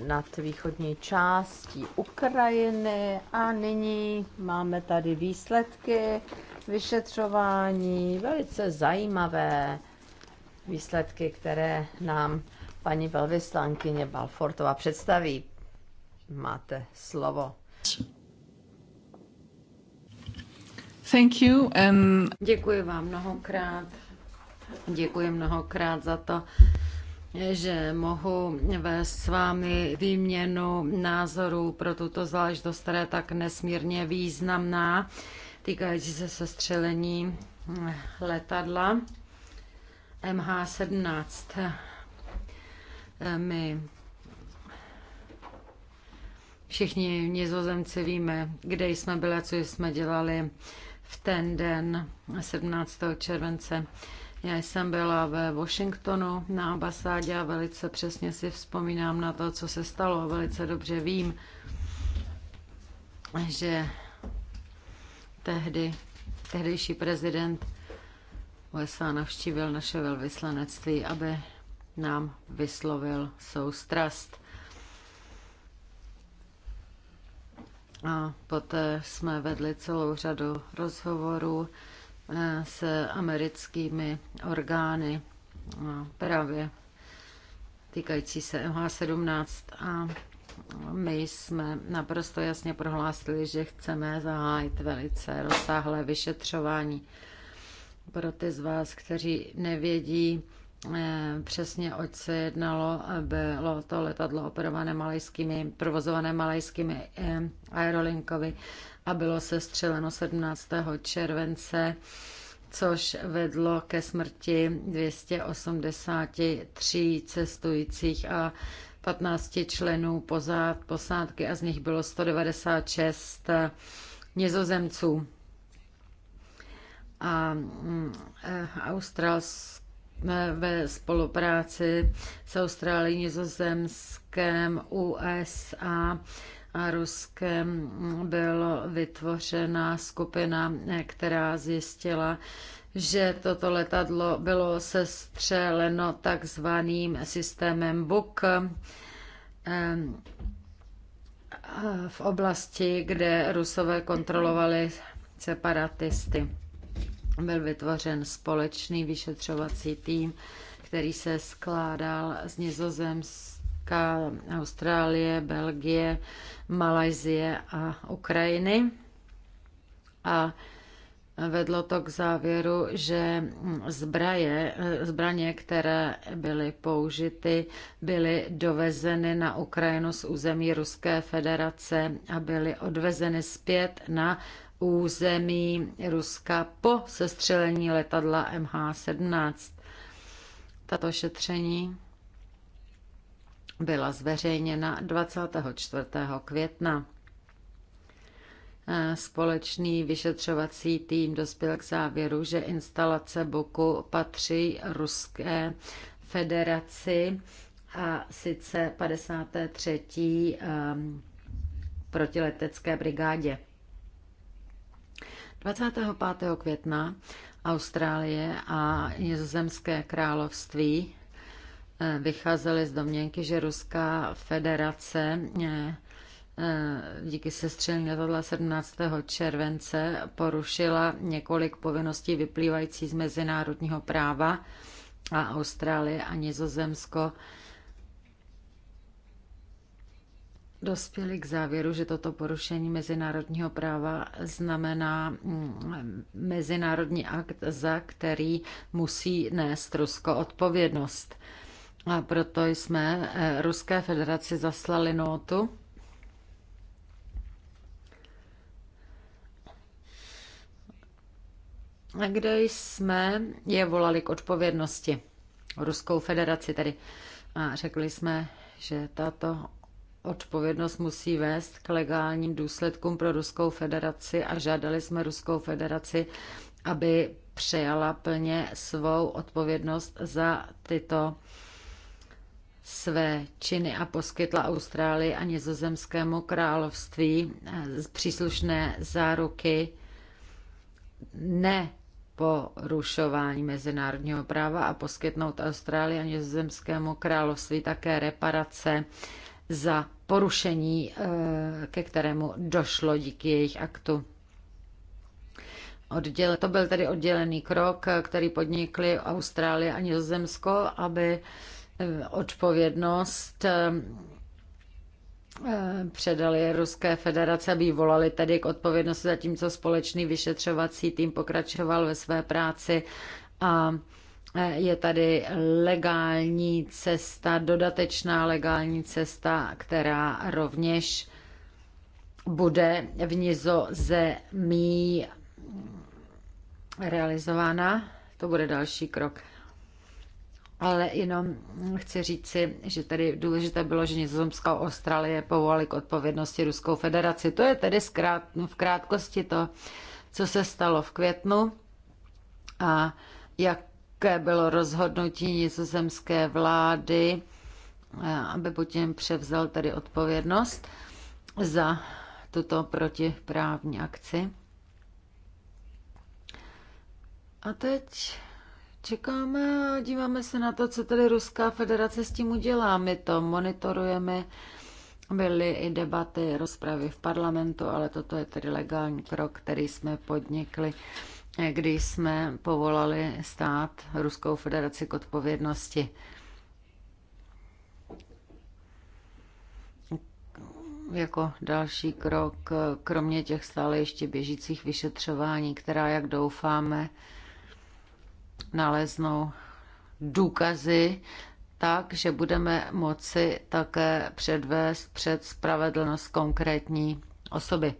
nad východní částí Ukrajiny a nyní máme tady výsledky vyšetřování, velice zajímavé výsledky, které nám Paní velvyslankyně Balfortová představí. Máte slovo. Thank you and... Um, Děkuji vám mnohokrát. Děkuji mnohokrát za to, že mohu vést s vámi výměnu názorů pro tuto záležitost, která je tak nesmírně významná, týkající se sestřelení letadla MH17. Eh, my všichni nizozemci víme, kde jsme byli a co jsme dělali v ten den 17. července. Já jsem byla ve Washingtonu na ambasádě a velice přesně si vzpomínám na to, co se stalo velice dobře vím, že tehdy tehdejší prezident USA navštívil naše velvyslanectví, aby nám vyslovil soustrast. A poté jsme vedli celou řadu rozhovorů eh, s americkými orgány právě týkající se MH17 a my jsme naprosto jasně prohlásili, že chceme zahájit velice rozsáhlé vyšetřování. Pro ty z vás, kteří nevědí, Eh, přesně oč se jednalo, eh, bylo to letadlo operované malajskými, provozované malajskými eh, aerolinkovi a bylo se střeleno 17. července což vedlo ke smrti 283 cestujících a 15 členů posádky a z nich bylo 196 nizozemců. A mm, australské ve spolupráci s Austrálií, Nizozemskem, USA a Ruskem byla vytvořena skupina, která zjistila, že toto letadlo bylo sestřeleno takzvaným systémem BUK v oblasti, kde Rusové kontrolovali separatisty byl vytvořen společný vyšetřovací tým, který se skládal z Nizozemska, Austrálie, Belgie, Malajzie a Ukrajiny. A vedlo to k závěru, že zbraje, zbraně, které byly použity, byly dovezeny na Ukrajinu z území Ruské federace a byly odvezeny zpět na území Ruska po sestřelení letadla MH17. Tato šetření byla zveřejněna 24. května. Společný vyšetřovací tým dospěl k závěru, že instalace Boku patří Ruské federaci a sice 53. Ehm, protiletecké brigádě. 25. května Austrálie a Nizozemské království eh, vycházely z domněnky, že Ruská federace eh, eh, díky sestřelení letadla 17. července porušila několik povinností vyplývající z mezinárodního práva a Austrálie a Nizozemsko dospěli k závěru, že toto porušení mezinárodního práva znamená mm, mezinárodní akt, za který musí nést Rusko odpovědnost. A proto jsme eh, Ruské federaci zaslali notu, kde jsme je volali k odpovědnosti. Ruskou federaci tedy. A řekli jsme, že tato odpovědnost musí vést k legálním důsledkům pro Ruskou federaci a žádali jsme Ruskou federaci, aby přejala plně svou odpovědnost za tyto své činy a poskytla Austrálii a nizozemskému království eh, příslušné záruky ne porušování mezinárodního práva a poskytnout Austrálii a nizozemskému království také reparace za porušení, eh, ke kterému došlo díky jejich aktu. Odděle, to byl tedy oddělený krok, který podnikli Austrálie a Nizozemsko, aby eh, odpovědnost eh, předali Ruské federace, aby volali tedy k odpovědnosti, zatímco společný vyšetřovací tým pokračoval ve své práci a je tady legální cesta, dodatečná legální cesta, která rovněž bude v Nizozemí realizována. To bude další krok. Ale jenom chci říci, že tady důležité bylo, že Nizozemská Austrálie povolali k odpovědnosti Ruskou federaci. To je tedy zkrát, v krátkosti to, co se stalo v květnu a jak jaké bylo rozhodnutí nizozemské vlády, eh, aby Putin převzal tedy odpovědnost za tuto protiprávní akci. A teď čekáme a díváme se na to, co tedy Ruská federace s tím udělá. My to monitorujeme, byly i debaty, rozpravy v parlamentu, ale toto je tedy legální krok, který jsme podnikli kdy jsme povolali stát Ruskou federaci k odpovědnosti. Jako další krok, kromě těch stále ještě běžících vyšetřování, která, jak doufáme, naleznou důkazy, tak, že budeme moci také předvést před spravedlnost konkrétní osoby.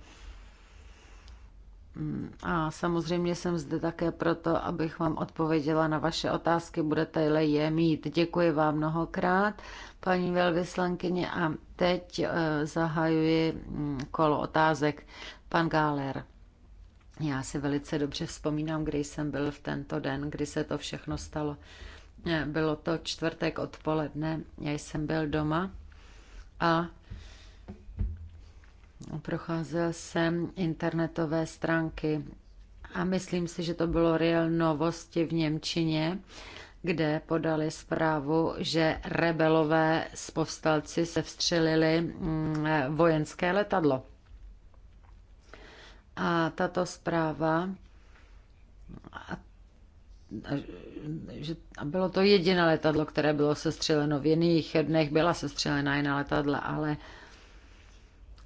Mm, a samozřejmě jsem zde také proto, abych vám odpověděla na vaše otázky. Budete-li je mít. Děkuji vám mnohokrát, paní velvyslankyně. A teď eh, zahajuji mm, kolo otázek. Pan Gáler. Já si velice dobře vzpomínám, kdy jsem byl v tento den, kdy se to všechno stalo. Eh, bylo to čtvrtek odpoledne, já jsem byl doma a Procházel jsem internetové stránky a myslím si, že to bylo real novosti v Němčině, kde podali zprávu, že rebelové z povstalci se vstřelili mm, vojenské letadlo. A tato zpráva, a, že, bylo to jediné letadlo, které bylo sestřeleno. V jiných dnech byla sestřelena jiná letadla, ale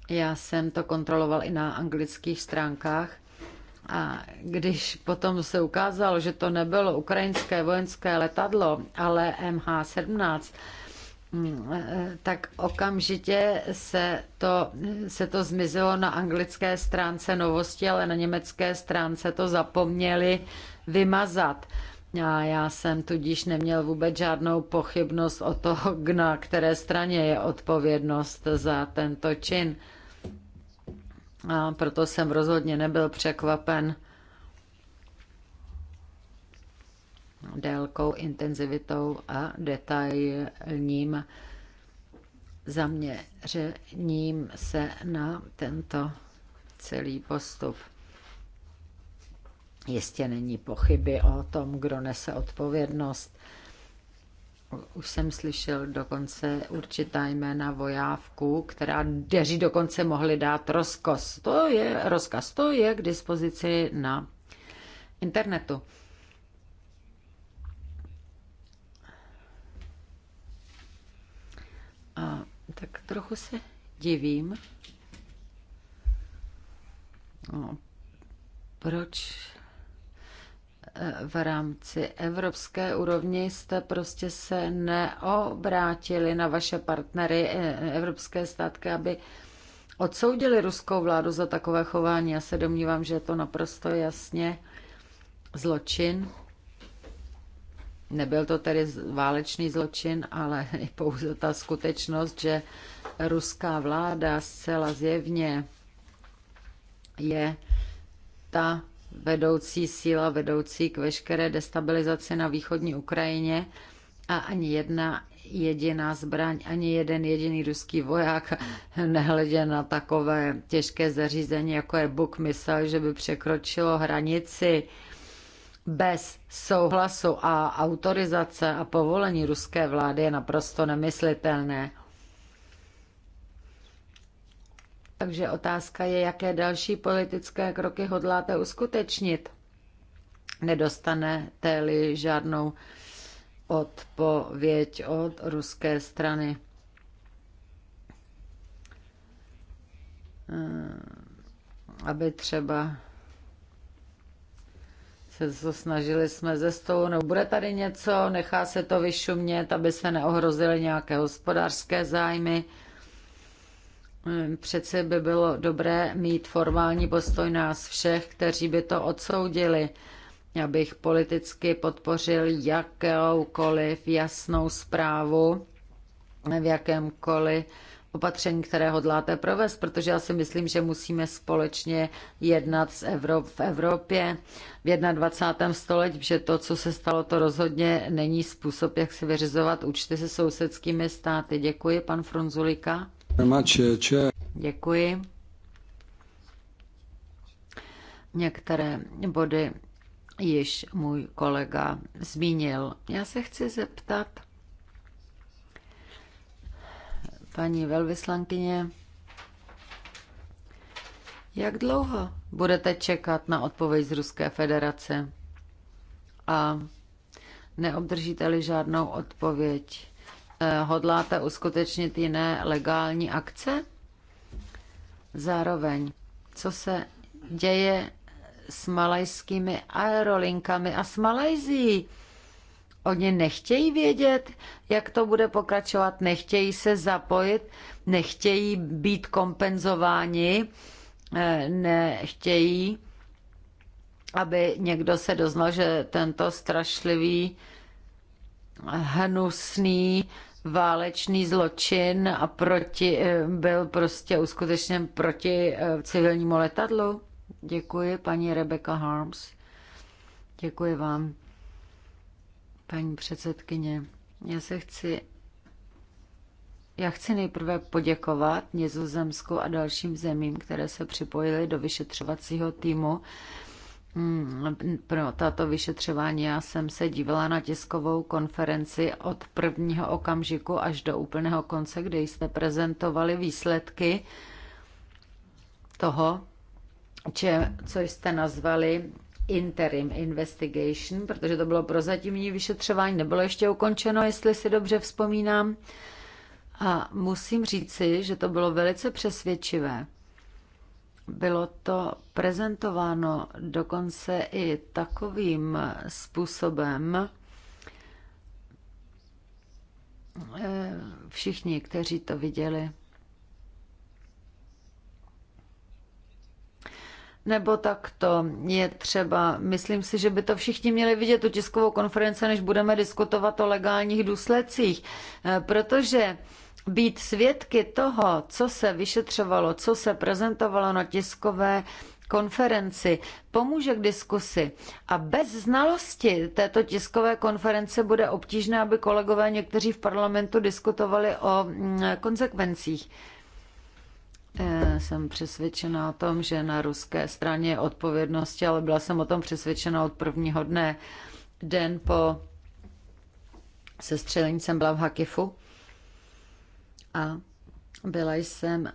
já jsem to kontroloval i na anglických stránkách. A když potom se ukázalo, že to nebylo ukrajinské vojenské letadlo, ale MH17, tak okamžitě se to, se to zmizelo na anglické stránce novosti, ale na německé stránce to zapomněli vymazat. A já jsem tudíž neměl vůbec žádnou pochybnost o toho, na které straně je odpovědnost za tento čin a proto jsem rozhodně nebyl překvapen délkou, intenzivitou a detailním zaměřením se na tento celý postup. Jistě není pochyby o tom, kdo nese odpovědnost už jsem slyšel dokonce určitá jména vojávku, která deří dokonce mohli dát rozkaz. To je rozkaz, to je k dispozici na internetu. A, tak trochu se divím, no, proč v rámci evropské úrovně jste prostě se neobrátili na vaše partnery eh, evropské státky, aby odsoudili ruskou vládu za takové chování. Já se domnívám, že je to naprosto jasně zločin. Nebyl to tedy válečný zločin, ale pouze ta skutečnost, že ruská vláda zcela zjevně je ta vedoucí síla, vedoucí k veškeré destabilizaci na východní Ukrajině a ani jedna jediná zbraň, ani jeden jediný ruský voják, nehledě na takové těžké zařízení, jako je Buk myslel, že by překročilo hranici bez souhlasu a autorizace a povolení ruské vlády je naprosto nemyslitelné. Takže otázka je, jaké další politické kroky hodláte uskutečnit. Nedostanete-li žádnou odpověď od ruské strany. Eh, aby třeba se to snažili jsme ze stolu, nebo bude tady něco, nechá se to vyšumět, aby se neohrozily nějaké hospodářské zájmy. Ehm, přece by bylo dobré mít formální postoj nás všech, kteří by to odsoudili, abych politicky podpořil jakoukoliv jasnou zprávu v jakémkoliv opatření, které hodláte provést, protože já si myslím, že musíme společně jednat s Evrop, v Evropě v 21. století, že to, co se stalo, to rozhodně není způsob, jak si vyřizovat účty se sousedskými státy. Děkuji, pan Frunzulika. Děkuji. Některé body již můj kolega zmínil. Já se chci zeptat paní velvyslankyně, jak dlouho budete čekat na odpověď z Ruské federace? A neobdržíte-li žádnou odpověď, Eh, hodláte uskutečnit jiné legální akce? Zároveň, co se děje s malajskými aerolinkami a s Malajzí? Oni nechtějí vědět, jak to bude pokračovat, nechtějí se zapojit, nechtějí být kompenzováni, eh, nechtějí, aby někdo se doznal, že tento strašlivý hnusný válečný zločin a proti, eh, byl prostě uskutečněn proti eh, civilnímu letadlu? Děkuji, paní Rebecca Harms. Děkuji vám, paní předsedkyně. Já se chci já chci nejprve poděkovat Nizozemsku a dalším zemím, které se připojily do vyšetřovacího týmu Hmm, pro tato vyšetřování já jsem se dívala na tiskovou konferenci od prvního okamžiku až do úplného konce, kde jste prezentovali výsledky toho, če, co jste nazvali interim investigation, protože to bylo prozatímní vyšetřování, nebylo ještě ukončeno, jestli si dobře vzpomínám. A musím říci, že to bylo velice přesvědčivé bylo to prezentováno dokonce i takovým způsobem, eh, všichni, kteří to viděli, Nebo tak to je třeba, myslím si, že by to všichni měli vidět, tu tiskovou konferenci, než budeme diskutovat o legálních důsledcích, eh, protože být svědky toho, co se vyšetřovalo, co se prezentovalo na tiskové konferenci, pomůže k diskusi. A bez znalosti této tiskové konference bude obtížné, aby kolegové někteří v parlamentu diskutovali o mm, konsekvencích. Eh, jsem přesvědčena o tom, že na ruské straně je odpovědnosti, ale byla jsem o tom přesvědčena od prvního dne. Den po sestřelení jsem byla v Hakifu a byla jsem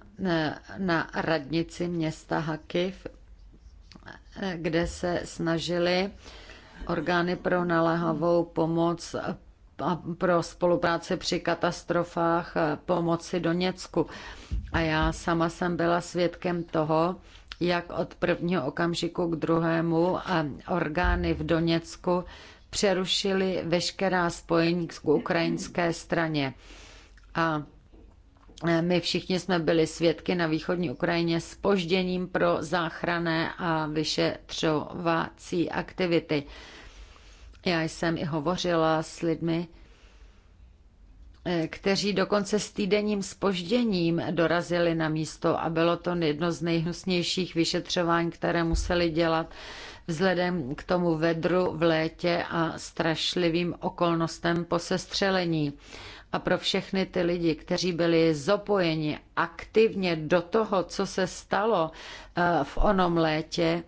na radnici města Hakiv, kde se snažili orgány pro naléhavou pomoc a pro spolupráci při katastrofách pomoci Doněcku. A já sama jsem byla svědkem toho, jak od prvního okamžiku k druhému orgány v Doněcku přerušili veškerá spojení k ukrajinské straně. A my všichni jsme byli svědky na východní Ukrajině spožděním pro záchrané a vyšetřovací aktivity. Já jsem i hovořila s lidmi, eh, kteří dokonce s týdenním spožděním dorazili na místo a bylo to jedno z nejhnusnějších vyšetřování, které museli dělat vzhledem k tomu vedru v létě a strašlivým okolnostem po sestřelení a pro všechny ty lidi, kteří byli zapojeni aktivně do toho, co se stalo eh, v onom létě,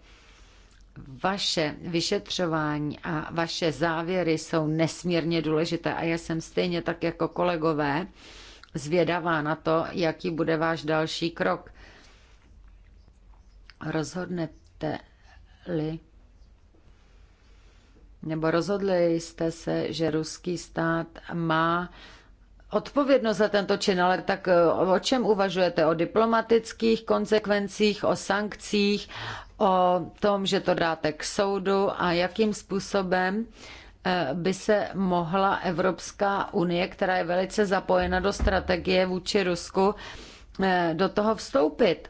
vaše vyšetřování a vaše závěry jsou nesmírně důležité a já jsem stejně tak jako kolegové zvědavá na to, jaký bude váš další krok. Rozhodnete-li nebo rozhodli jste se, že ruský stát má odpovědnost za tento čin, ale tak e, o čem uvažujete? O diplomatických konsekvencích, o sankcích, o tom, že to dáte k soudu a jakým způsobem e, by se mohla Evropská unie, která je velice zapojena do strategie vůči Rusku, e, do toho vstoupit.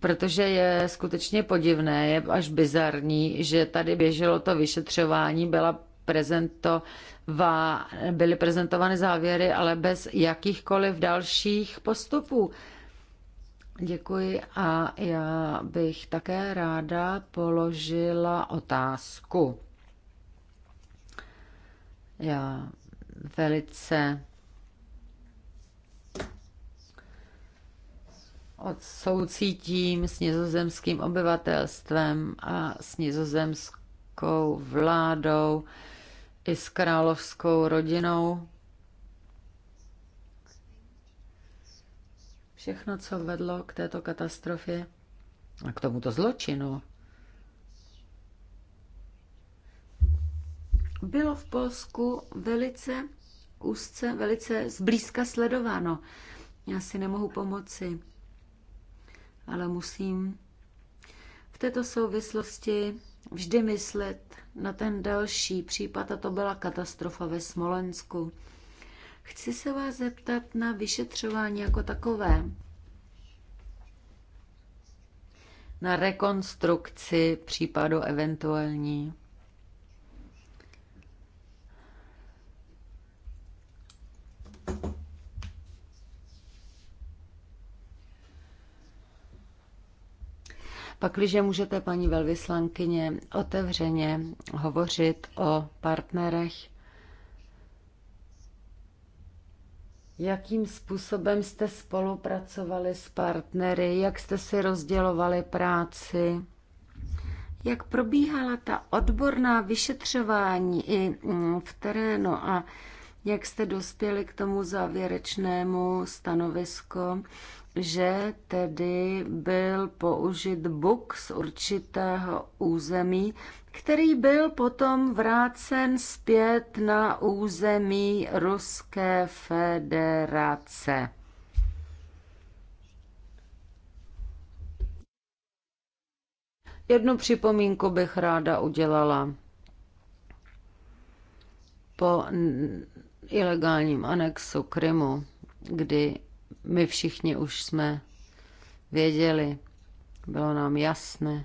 Protože je skutečně podivné, je až bizarní, že tady běželo to vyšetřování, byla prezentova, byly prezentovány závěry, ale bez jakýchkoliv dalších postupů. Děkuji a já bych také ráda položila otázku. Já velice odsoucítím s nizozemským obyvatelstvem a s nizozemskou vládou, i s královskou rodinou. Všechno, co vedlo k této katastrofě a k tomuto zločinu, bylo v Polsku velice úzce, velice zblízka sledováno. Já si nemohu pomoci, ale musím v této souvislosti vždy myslet na ten další případ, a to byla katastrofa ve Smolensku. Chci se vás zeptat na vyšetřování jako takové, na rekonstrukci případu eventuální. Pakliže můžete, paní velvyslankyně, otevřeně hovořit o partnerech, Jakým způsobem jste spolupracovali s partnery, jak jste si rozdělovali práci, jak probíhala ta odborná vyšetřování i mm, v terénu a jak jste dospěli k tomu závěrečnému stanovisku, že tedy byl použit buk z určitého území, který byl potom vrácen zpět na území Ruské federace. Jednu připomínku bych ráda udělala. Po ilegálním anexu Krymu, kdy my všichni už jsme věděli, bylo nám jasné,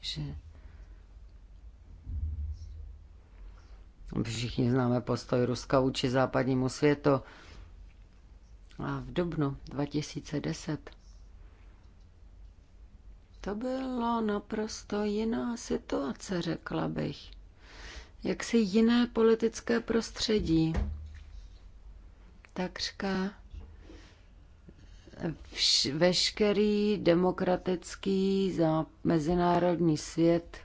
že všichni známe postoj Ruska vůči západnímu světu. A v dubnu 2010 to bylo naprosto jiná situace, řekla bych. Jaksi jiné politické prostředí. Takřka vš- veškerý demokratický za mezinárodní svět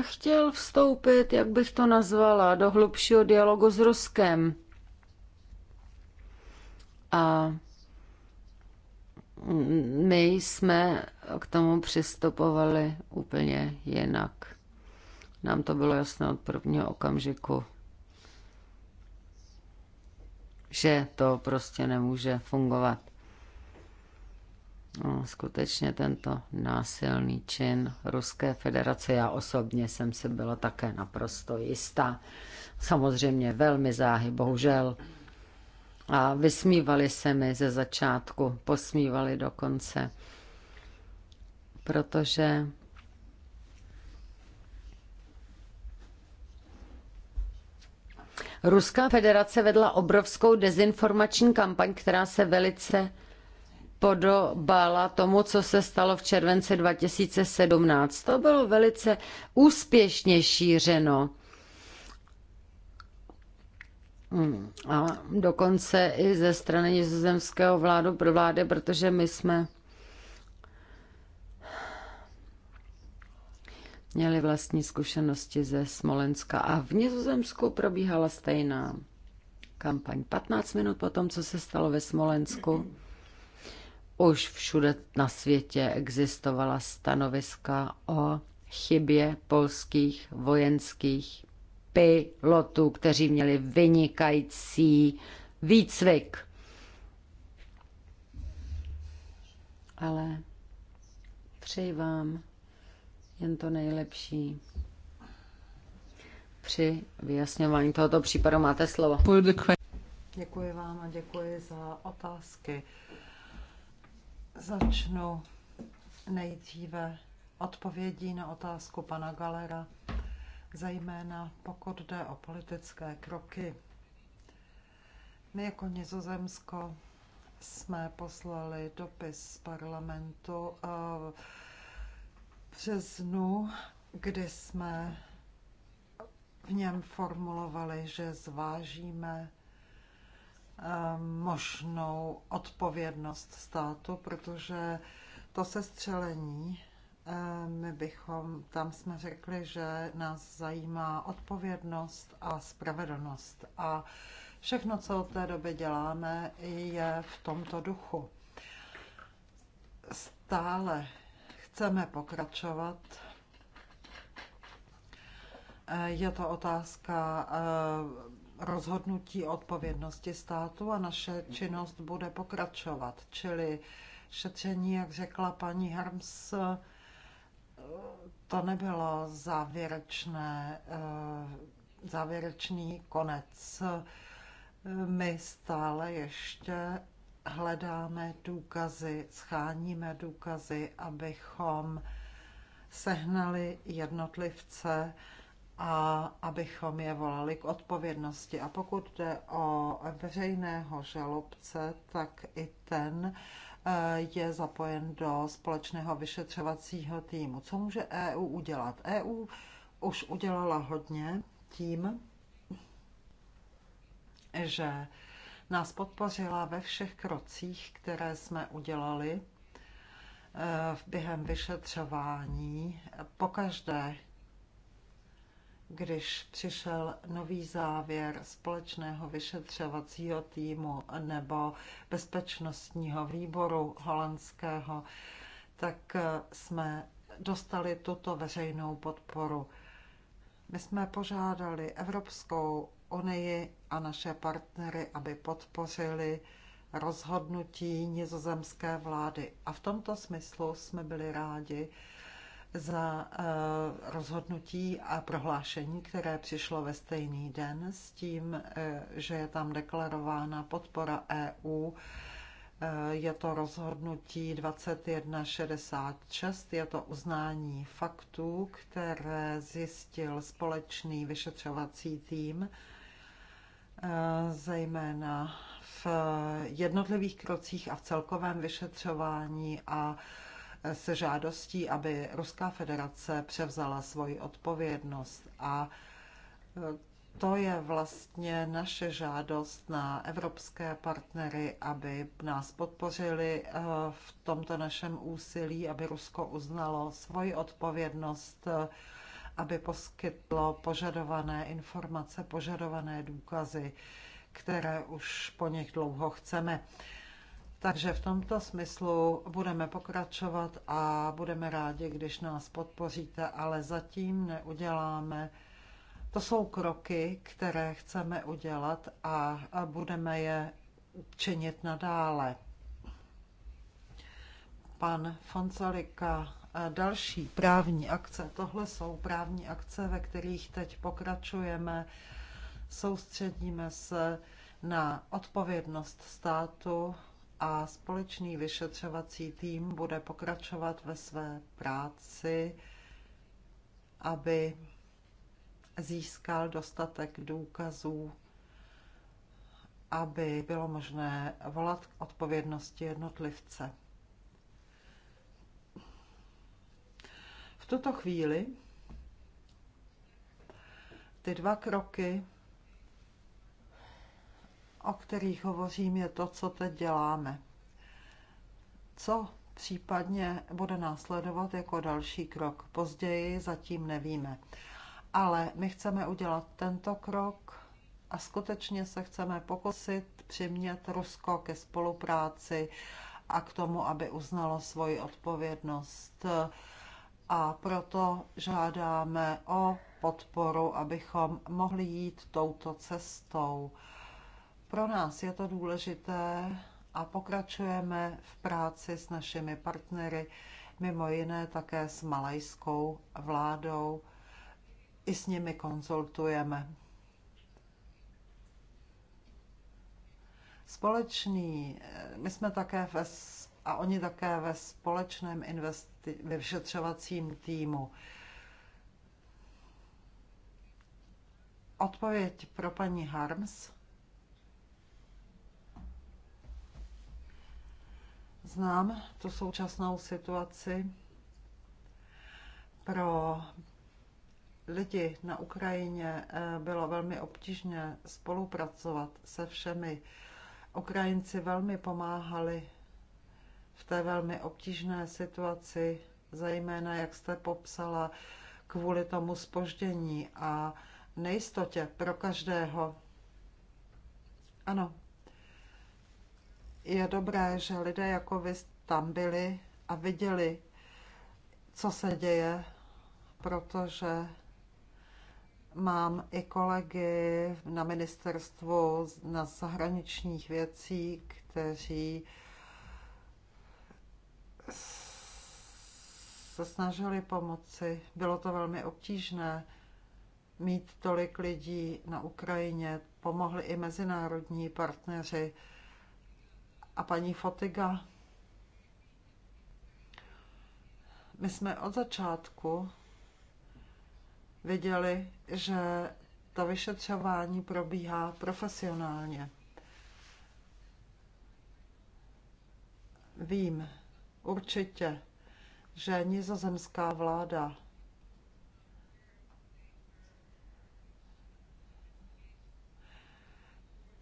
chtěl vstoupit, jak bych to nazvala, do hlubšího dialogu s Ruskem. A my jsme k tomu přistupovali úplně jinak. Nám to bylo jasné od prvního okamžiku že to prostě nemůže fungovat. No, skutečně tento násilný čin Ruské federace, já osobně jsem si byla také naprosto jistá. Samozřejmě velmi záhy, bohužel. A vysmívali se mi ze začátku, posmívali dokonce, protože Ruská federace vedla obrovskou dezinformační kampaň, která se velice podobala tomu, co se stalo v červenci 2017. To bylo velice úspěšně šířeno. Hmm. A dokonce i ze strany nizozemského vládu pro vlády, protože my jsme měli vlastní zkušenosti ze Smolenska a v Nizozemsku probíhala stejná kampaň. 15 minut po tom, co se stalo ve Smolensku, už všude na světě existovala stanoviska o chybě polských vojenských pilotů, kteří měli vynikající výcvik. Ale přeji vám jen to nejlepší. Při vyjasňování tohoto případu máte slovo. Děkuji vám a děkuji za otázky. Začnu nejdříve odpovědí na otázku pana Galera, zejména pokud jde o politické kroky. My jako Nizozemsko jsme poslali dopis parlamentu eh, březnu, kdy jsme v něm formulovali, že zvážíme eh, možnou odpovědnost státu, protože to sestřelení, eh, my bychom, tam jsme řekli, že nás zajímá odpovědnost a spravedlnost. A všechno, co od té doby děláme, je v tomto duchu. Stále chceme pokračovat. Eh, je to otázka eh, rozhodnutí odpovědnosti státu a naše činnost bude pokračovat. Čili šetření, jak řekla paní Harms, eh, to nebylo závěrečné, závěrečný konec. My stále ještě hledáme důkazy, scháníme důkazy, abychom sehnali jednotlivce a abychom je volali k odpovědnosti. A pokud jde o veřejného žalobce, tak i ten eh, je zapojen do společného vyšetřovacího týmu. Co může EU udělat? EU už udělala hodně tím, že nás podpořila ve všech krocích, které jsme udělali eh, během vyšetřování. Pokaždé, když přišel nový závěr společného vyšetřovacího týmu nebo bezpečnostního výboru holandského, tak eh, jsme dostali tuto veřejnou podporu. My jsme požádali Evropskou unii a naše partnery, aby podpořili rozhodnutí nizozemské vlády. A v tomto smyslu jsme byli rádi za eh, rozhodnutí a prohlášení, které přišlo ve stejný den s tím, eh, že je tam deklarována podpora EU. Eh, je to rozhodnutí 2166, je to uznání faktů, které zjistil společný vyšetřovací tým Eh, zejména v jednotlivých krocích a v celkovém vyšetřování a eh, se žádostí, aby Ruská federace převzala svoji odpovědnost. A eh, to je vlastně naše žádost na evropské partnery, aby nás podpořili v tomto našem úsilí, aby Rusko uznalo svoji odpovědnost aby poskytlo požadované informace, požadované důkazy, které už po nich dlouho chceme. Takže v tomto smyslu budeme pokračovat a budeme rádi, když nás podpoříte, ale zatím neuděláme. To jsou kroky, které chceme udělat a budeme je činit nadále. Pan Fonsolika další právní akce. Tohle jsou právní akce, ve kterých teď pokračujeme. Soustředíme se na odpovědnost státu a společný vyšetřovací tým bude pokračovat ve své práci, aby získal dostatek důkazů, aby bylo možné volat k odpovědnosti jednotlivce. V tuto chvíli ty dva kroky, o kterých hovořím, je to, co teď děláme. Co případně bude následovat jako další krok. Později zatím nevíme. Ale my chceme udělat tento krok a skutečně se chceme pokusit přimět Rusko ke spolupráci a k tomu, aby uznalo svoji odpovědnost a proto žádáme o podporu, abychom mohli jít touto cestou. Pro nás je to důležité a pokračujeme v práci s našimi partnery, mimo jiné také s malajskou vládou. I s nimi konzultujeme. Společný, my jsme také ve a oni také ve společném investi- ve vyšetřovacím týmu. Odpověď pro paní Harms. Znám tu současnou situaci pro lidi na Ukrajině eh, bylo velmi obtížně spolupracovat se všemi. Ukrajinci velmi pomáhali v té velmi obtížné situaci, zejména jak jste popsala, kvůli tomu spoždění a nejistotě pro každého. Ano, je dobré, že lidé jako vy tam byli a viděli, co se děje, protože mám i kolegy na ministerstvu na zahraničních věcí, kteří se snažili pomoci. Bylo to velmi obtížné mít tolik lidí na Ukrajině. Pomohli i mezinárodní partneři. A paní Fotiga, my jsme od začátku viděli, že to vyšetřování probíhá profesionálně. Vím, určitě, že nizozemská vláda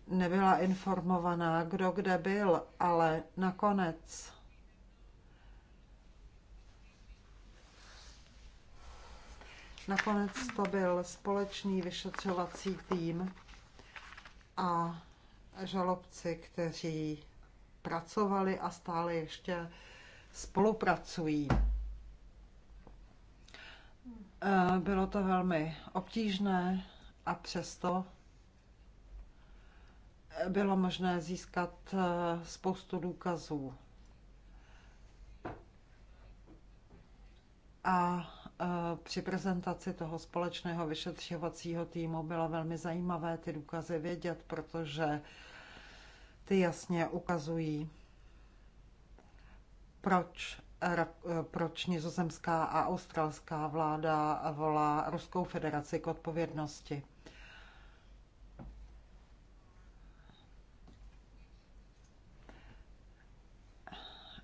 nebyla informovaná, kdo kde byl, ale nakonec nakonec to byl společný vyšetřovací tým a žalobci, kteří pracovali a stále ještě spolupracují. Eh, bylo to velmi obtížné a přesto eh, bylo možné získat eh, spoustu důkazů. A při prezentaci toho společného vyšetřovacího týmu bylo velmi zajímavé ty důkazy vědět, protože ty jasně ukazují, proč, eh, eh, proč nizozemská a australská vláda volá Ruskou federaci k odpovědnosti.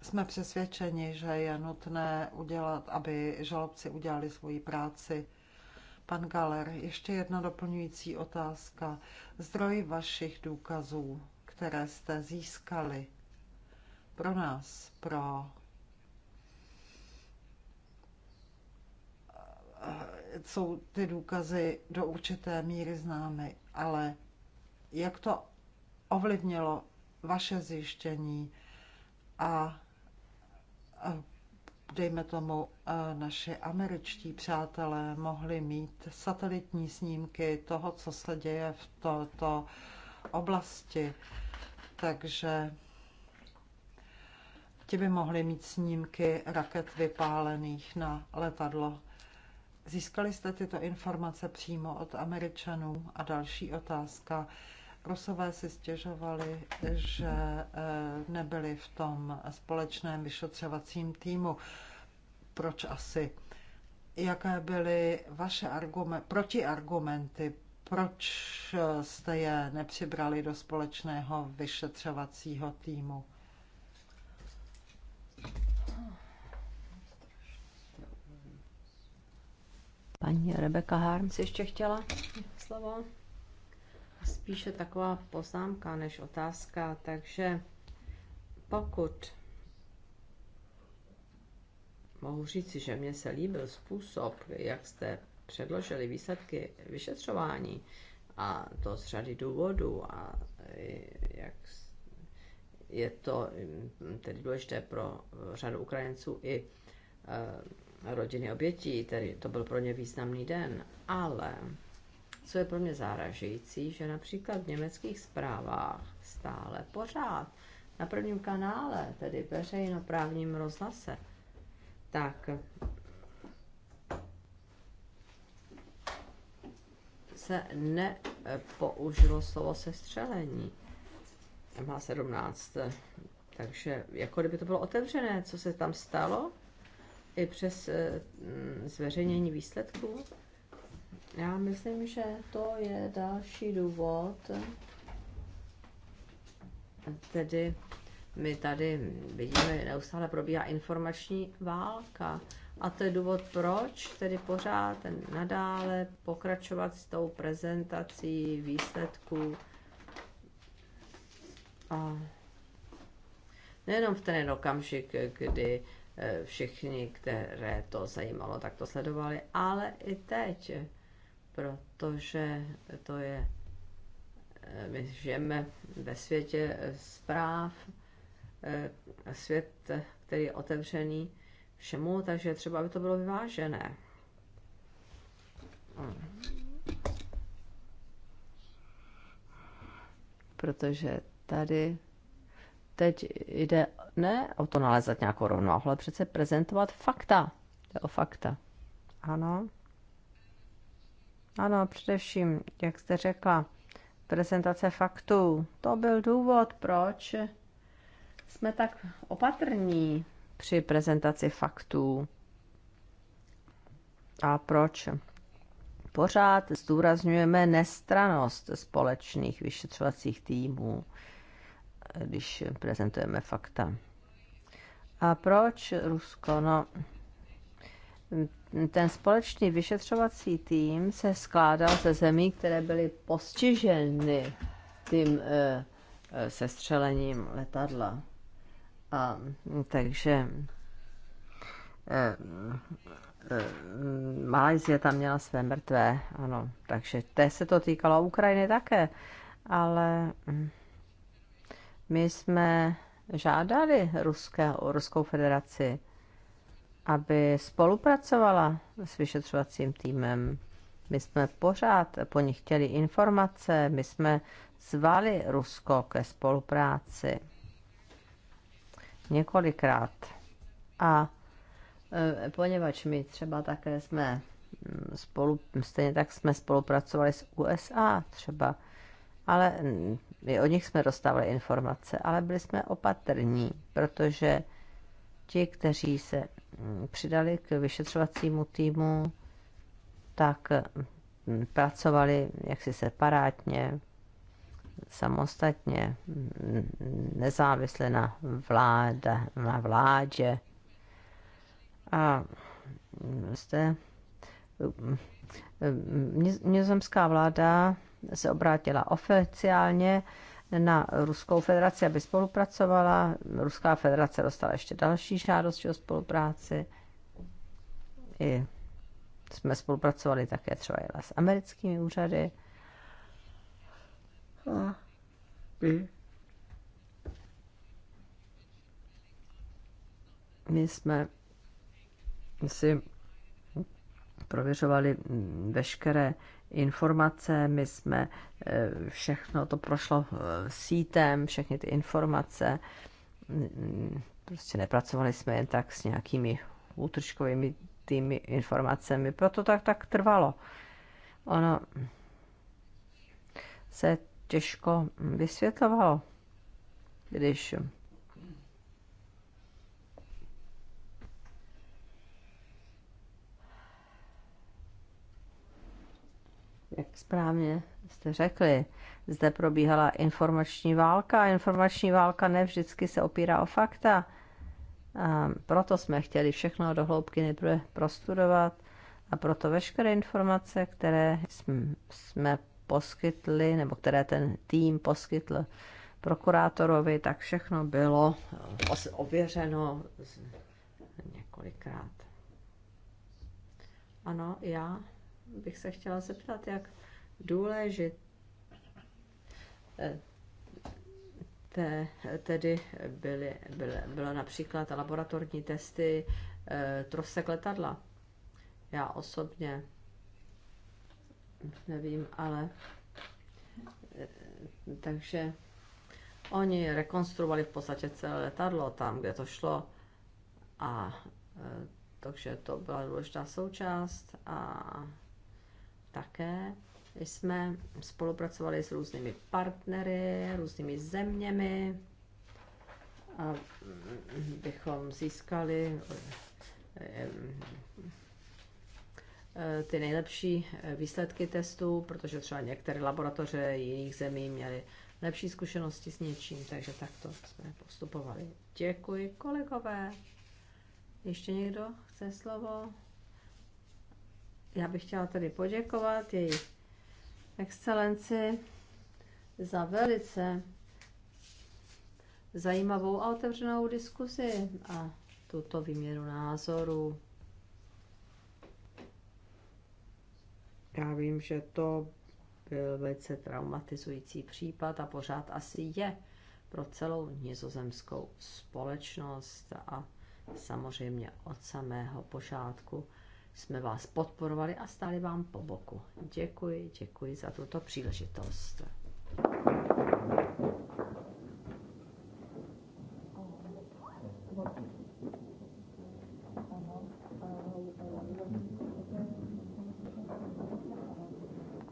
Jsme přesvědčeni, že je nutné udělat, aby žalobci udělali svoji práci. Pan Galer, ještě jedna doplňující otázka. Zdroj vašich důkazů, které jste získali, pro nás, pro eh, jsou ty důkazy do určité míry známy, ale jak to ovlivnilo vaše zjištění a dejme tomu, eh, naši američtí přátelé mohli mít satelitní snímky toho, co se děje v této oblasti. Takže Ti by mohli mít snímky raket vypálených na letadlo. Získali jste tyto informace přímo od Američanů? A další otázka. Rusové si stěžovali, že e, nebyli v tom společném vyšetřovacím týmu. Proč asi? Jaké byly vaše argumenty, protiargumenty? Proč jste je nepřibrali do společného vyšetřovacího týmu? Paní Rebecca Harms ještě chtěla slovo. Spíše taková poznámka než otázka, takže pokud mohu říci, že mě se líbil způsob, jak jste předložili výsledky vyšetřování, a to z řady důvodů a jak je to tedy důležité pro řadu Ukrajinců i eh, rodiny obětí, tedy to byl pro ně významný den, ale co je pro mě záražející, že například v německých zprávách stále pořád na prvním kanále, tedy veřejnoprávním rozhlase, tak se nepoužilo slovo sestřelení. Má 17 Takže jako kdyby to bylo otevřené, co se tam stalo, i přes eh, mm, zveřejnění výsledků? Já myslím, že to je další důvod. Tedy my tady vidíme, neustále probíhá informační válka. A to je důvod, proč tedy pořád nadále pokračovat s tou prezentací výsledků. A nejenom v ten okamžik, kdy Eh, všichni, které to zajímalo, tak to sledovali, ale i teď, protože to je, eh, my žijeme ve světě zpráv, eh, svět, který je otevřený všemu, takže třeba, by to bylo vyvážené. Protože tady teď jde ne o to nalézat nějakou rovnováhu, ale přece prezentovat fakta. Jde o fakta. Ano. Ano, především, jak jste řekla, prezentace faktů. To byl důvod, proč jsme tak opatrní při prezentaci faktů. A proč pořád zdůrazňujeme nestranost společných vyšetřovacích týmů když prezentujeme fakta. A proč Rusko? No, ten společný vyšetřovací tým se skládal ze zemí, které byly postiženy tím e, sestřelením letadla. A mm, takže e, eh, e, Malajzie tam měla své mrtvé, ano. Takže té se to týkalo Ukrajiny také, ale... Mm, my jsme žádali Ruské, Ruskou federaci, aby spolupracovala s vyšetřovacím týmem. My jsme pořád po nich chtěli informace, my jsme zvali Rusko ke spolupráci několikrát. A e, poněvadž my třeba také jsme mm, spolu, stejně tak jsme spolupracovali s USA třeba, ale mm, my o nich jsme dostávali informace, ale byli jsme opatrní, protože ti, kteří se mm, přidali k vyšetřovacímu týmu, tak mm, pracovali jaksi separátně, samostatně, mm, nezávisle na, vláda, na vládě. A zde nizozemská vláda se obrátila oficiálně na Ruskou federaci, aby spolupracovala. Ruská federace dostala ještě další žádosti o spolupráci. I jsme spolupracovali také třeba i s americkými úřady. A my. my jsme si prověřovali veškeré informace, my jsme eh, všechno to prošlo eh, sítem, všechny ty informace, mm, mm, prostě nepracovali jsme jen tak s nějakými útržkovými tými informacemi, proto tak, tak trvalo. Ono se těžko vysvětlovalo, když jak správně jste řekli, zde probíhala informační válka. Informační válka nevždycky se opírá o fakta. A proto jsme chtěli všechno do hloubky nejprve prostudovat a proto veškeré informace, které jsme poskytli, nebo které ten tým poskytl prokurátorovi, tak všechno bylo ověřeno několikrát. Ano, já bych se chtěla zeptat, jak důležité eh, te, tedy byly, byly, bylo například laboratorní testy eh, trosek letadla. Já osobně nevím, ale eh, takže oni rekonstruovali v podstatě celé letadlo tam, kde to šlo a takže to byla důležitá součást a také jsme spolupracovali s různými partnery, různými zeměmi, a bychom získali eh, ty nejlepší eh, výsledky testů, protože třeba některé laboratoře jiných zemí měly lepší zkušenosti s něčím, takže takto jsme postupovali. Děkuji, kolegové. Ještě někdo chce slovo? Já bych chtěla tedy poděkovat její excelenci za velice zajímavou a otevřenou diskusi a tuto výměnu názorů. Já vím, že to byl velice traumatizující případ a pořád asi je pro celou nizozemskou společnost a samozřejmě od samého počátku jsme vás podporovali a stáli vám po boku. Děkuji, děkuji za tuto příležitost.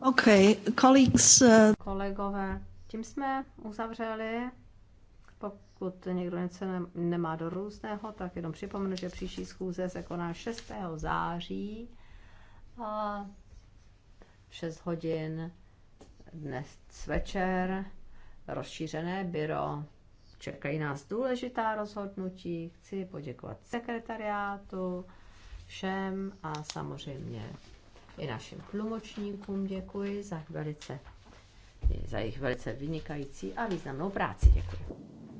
Okay, colleagues, uh... Kolegové, tím jsme uzavřeli pokud někdo něco nemá do různého, tak jenom připomenu, že příští schůze se koná 6. září a 6 hodin dnes večer rozšířené byro. Čekají nás důležitá rozhodnutí. Chci poděkovat sekretariátu, všem a samozřejmě i našim tlumočníkům děkuji za velice za jejich velice vynikající a významnou práci. Děkuji.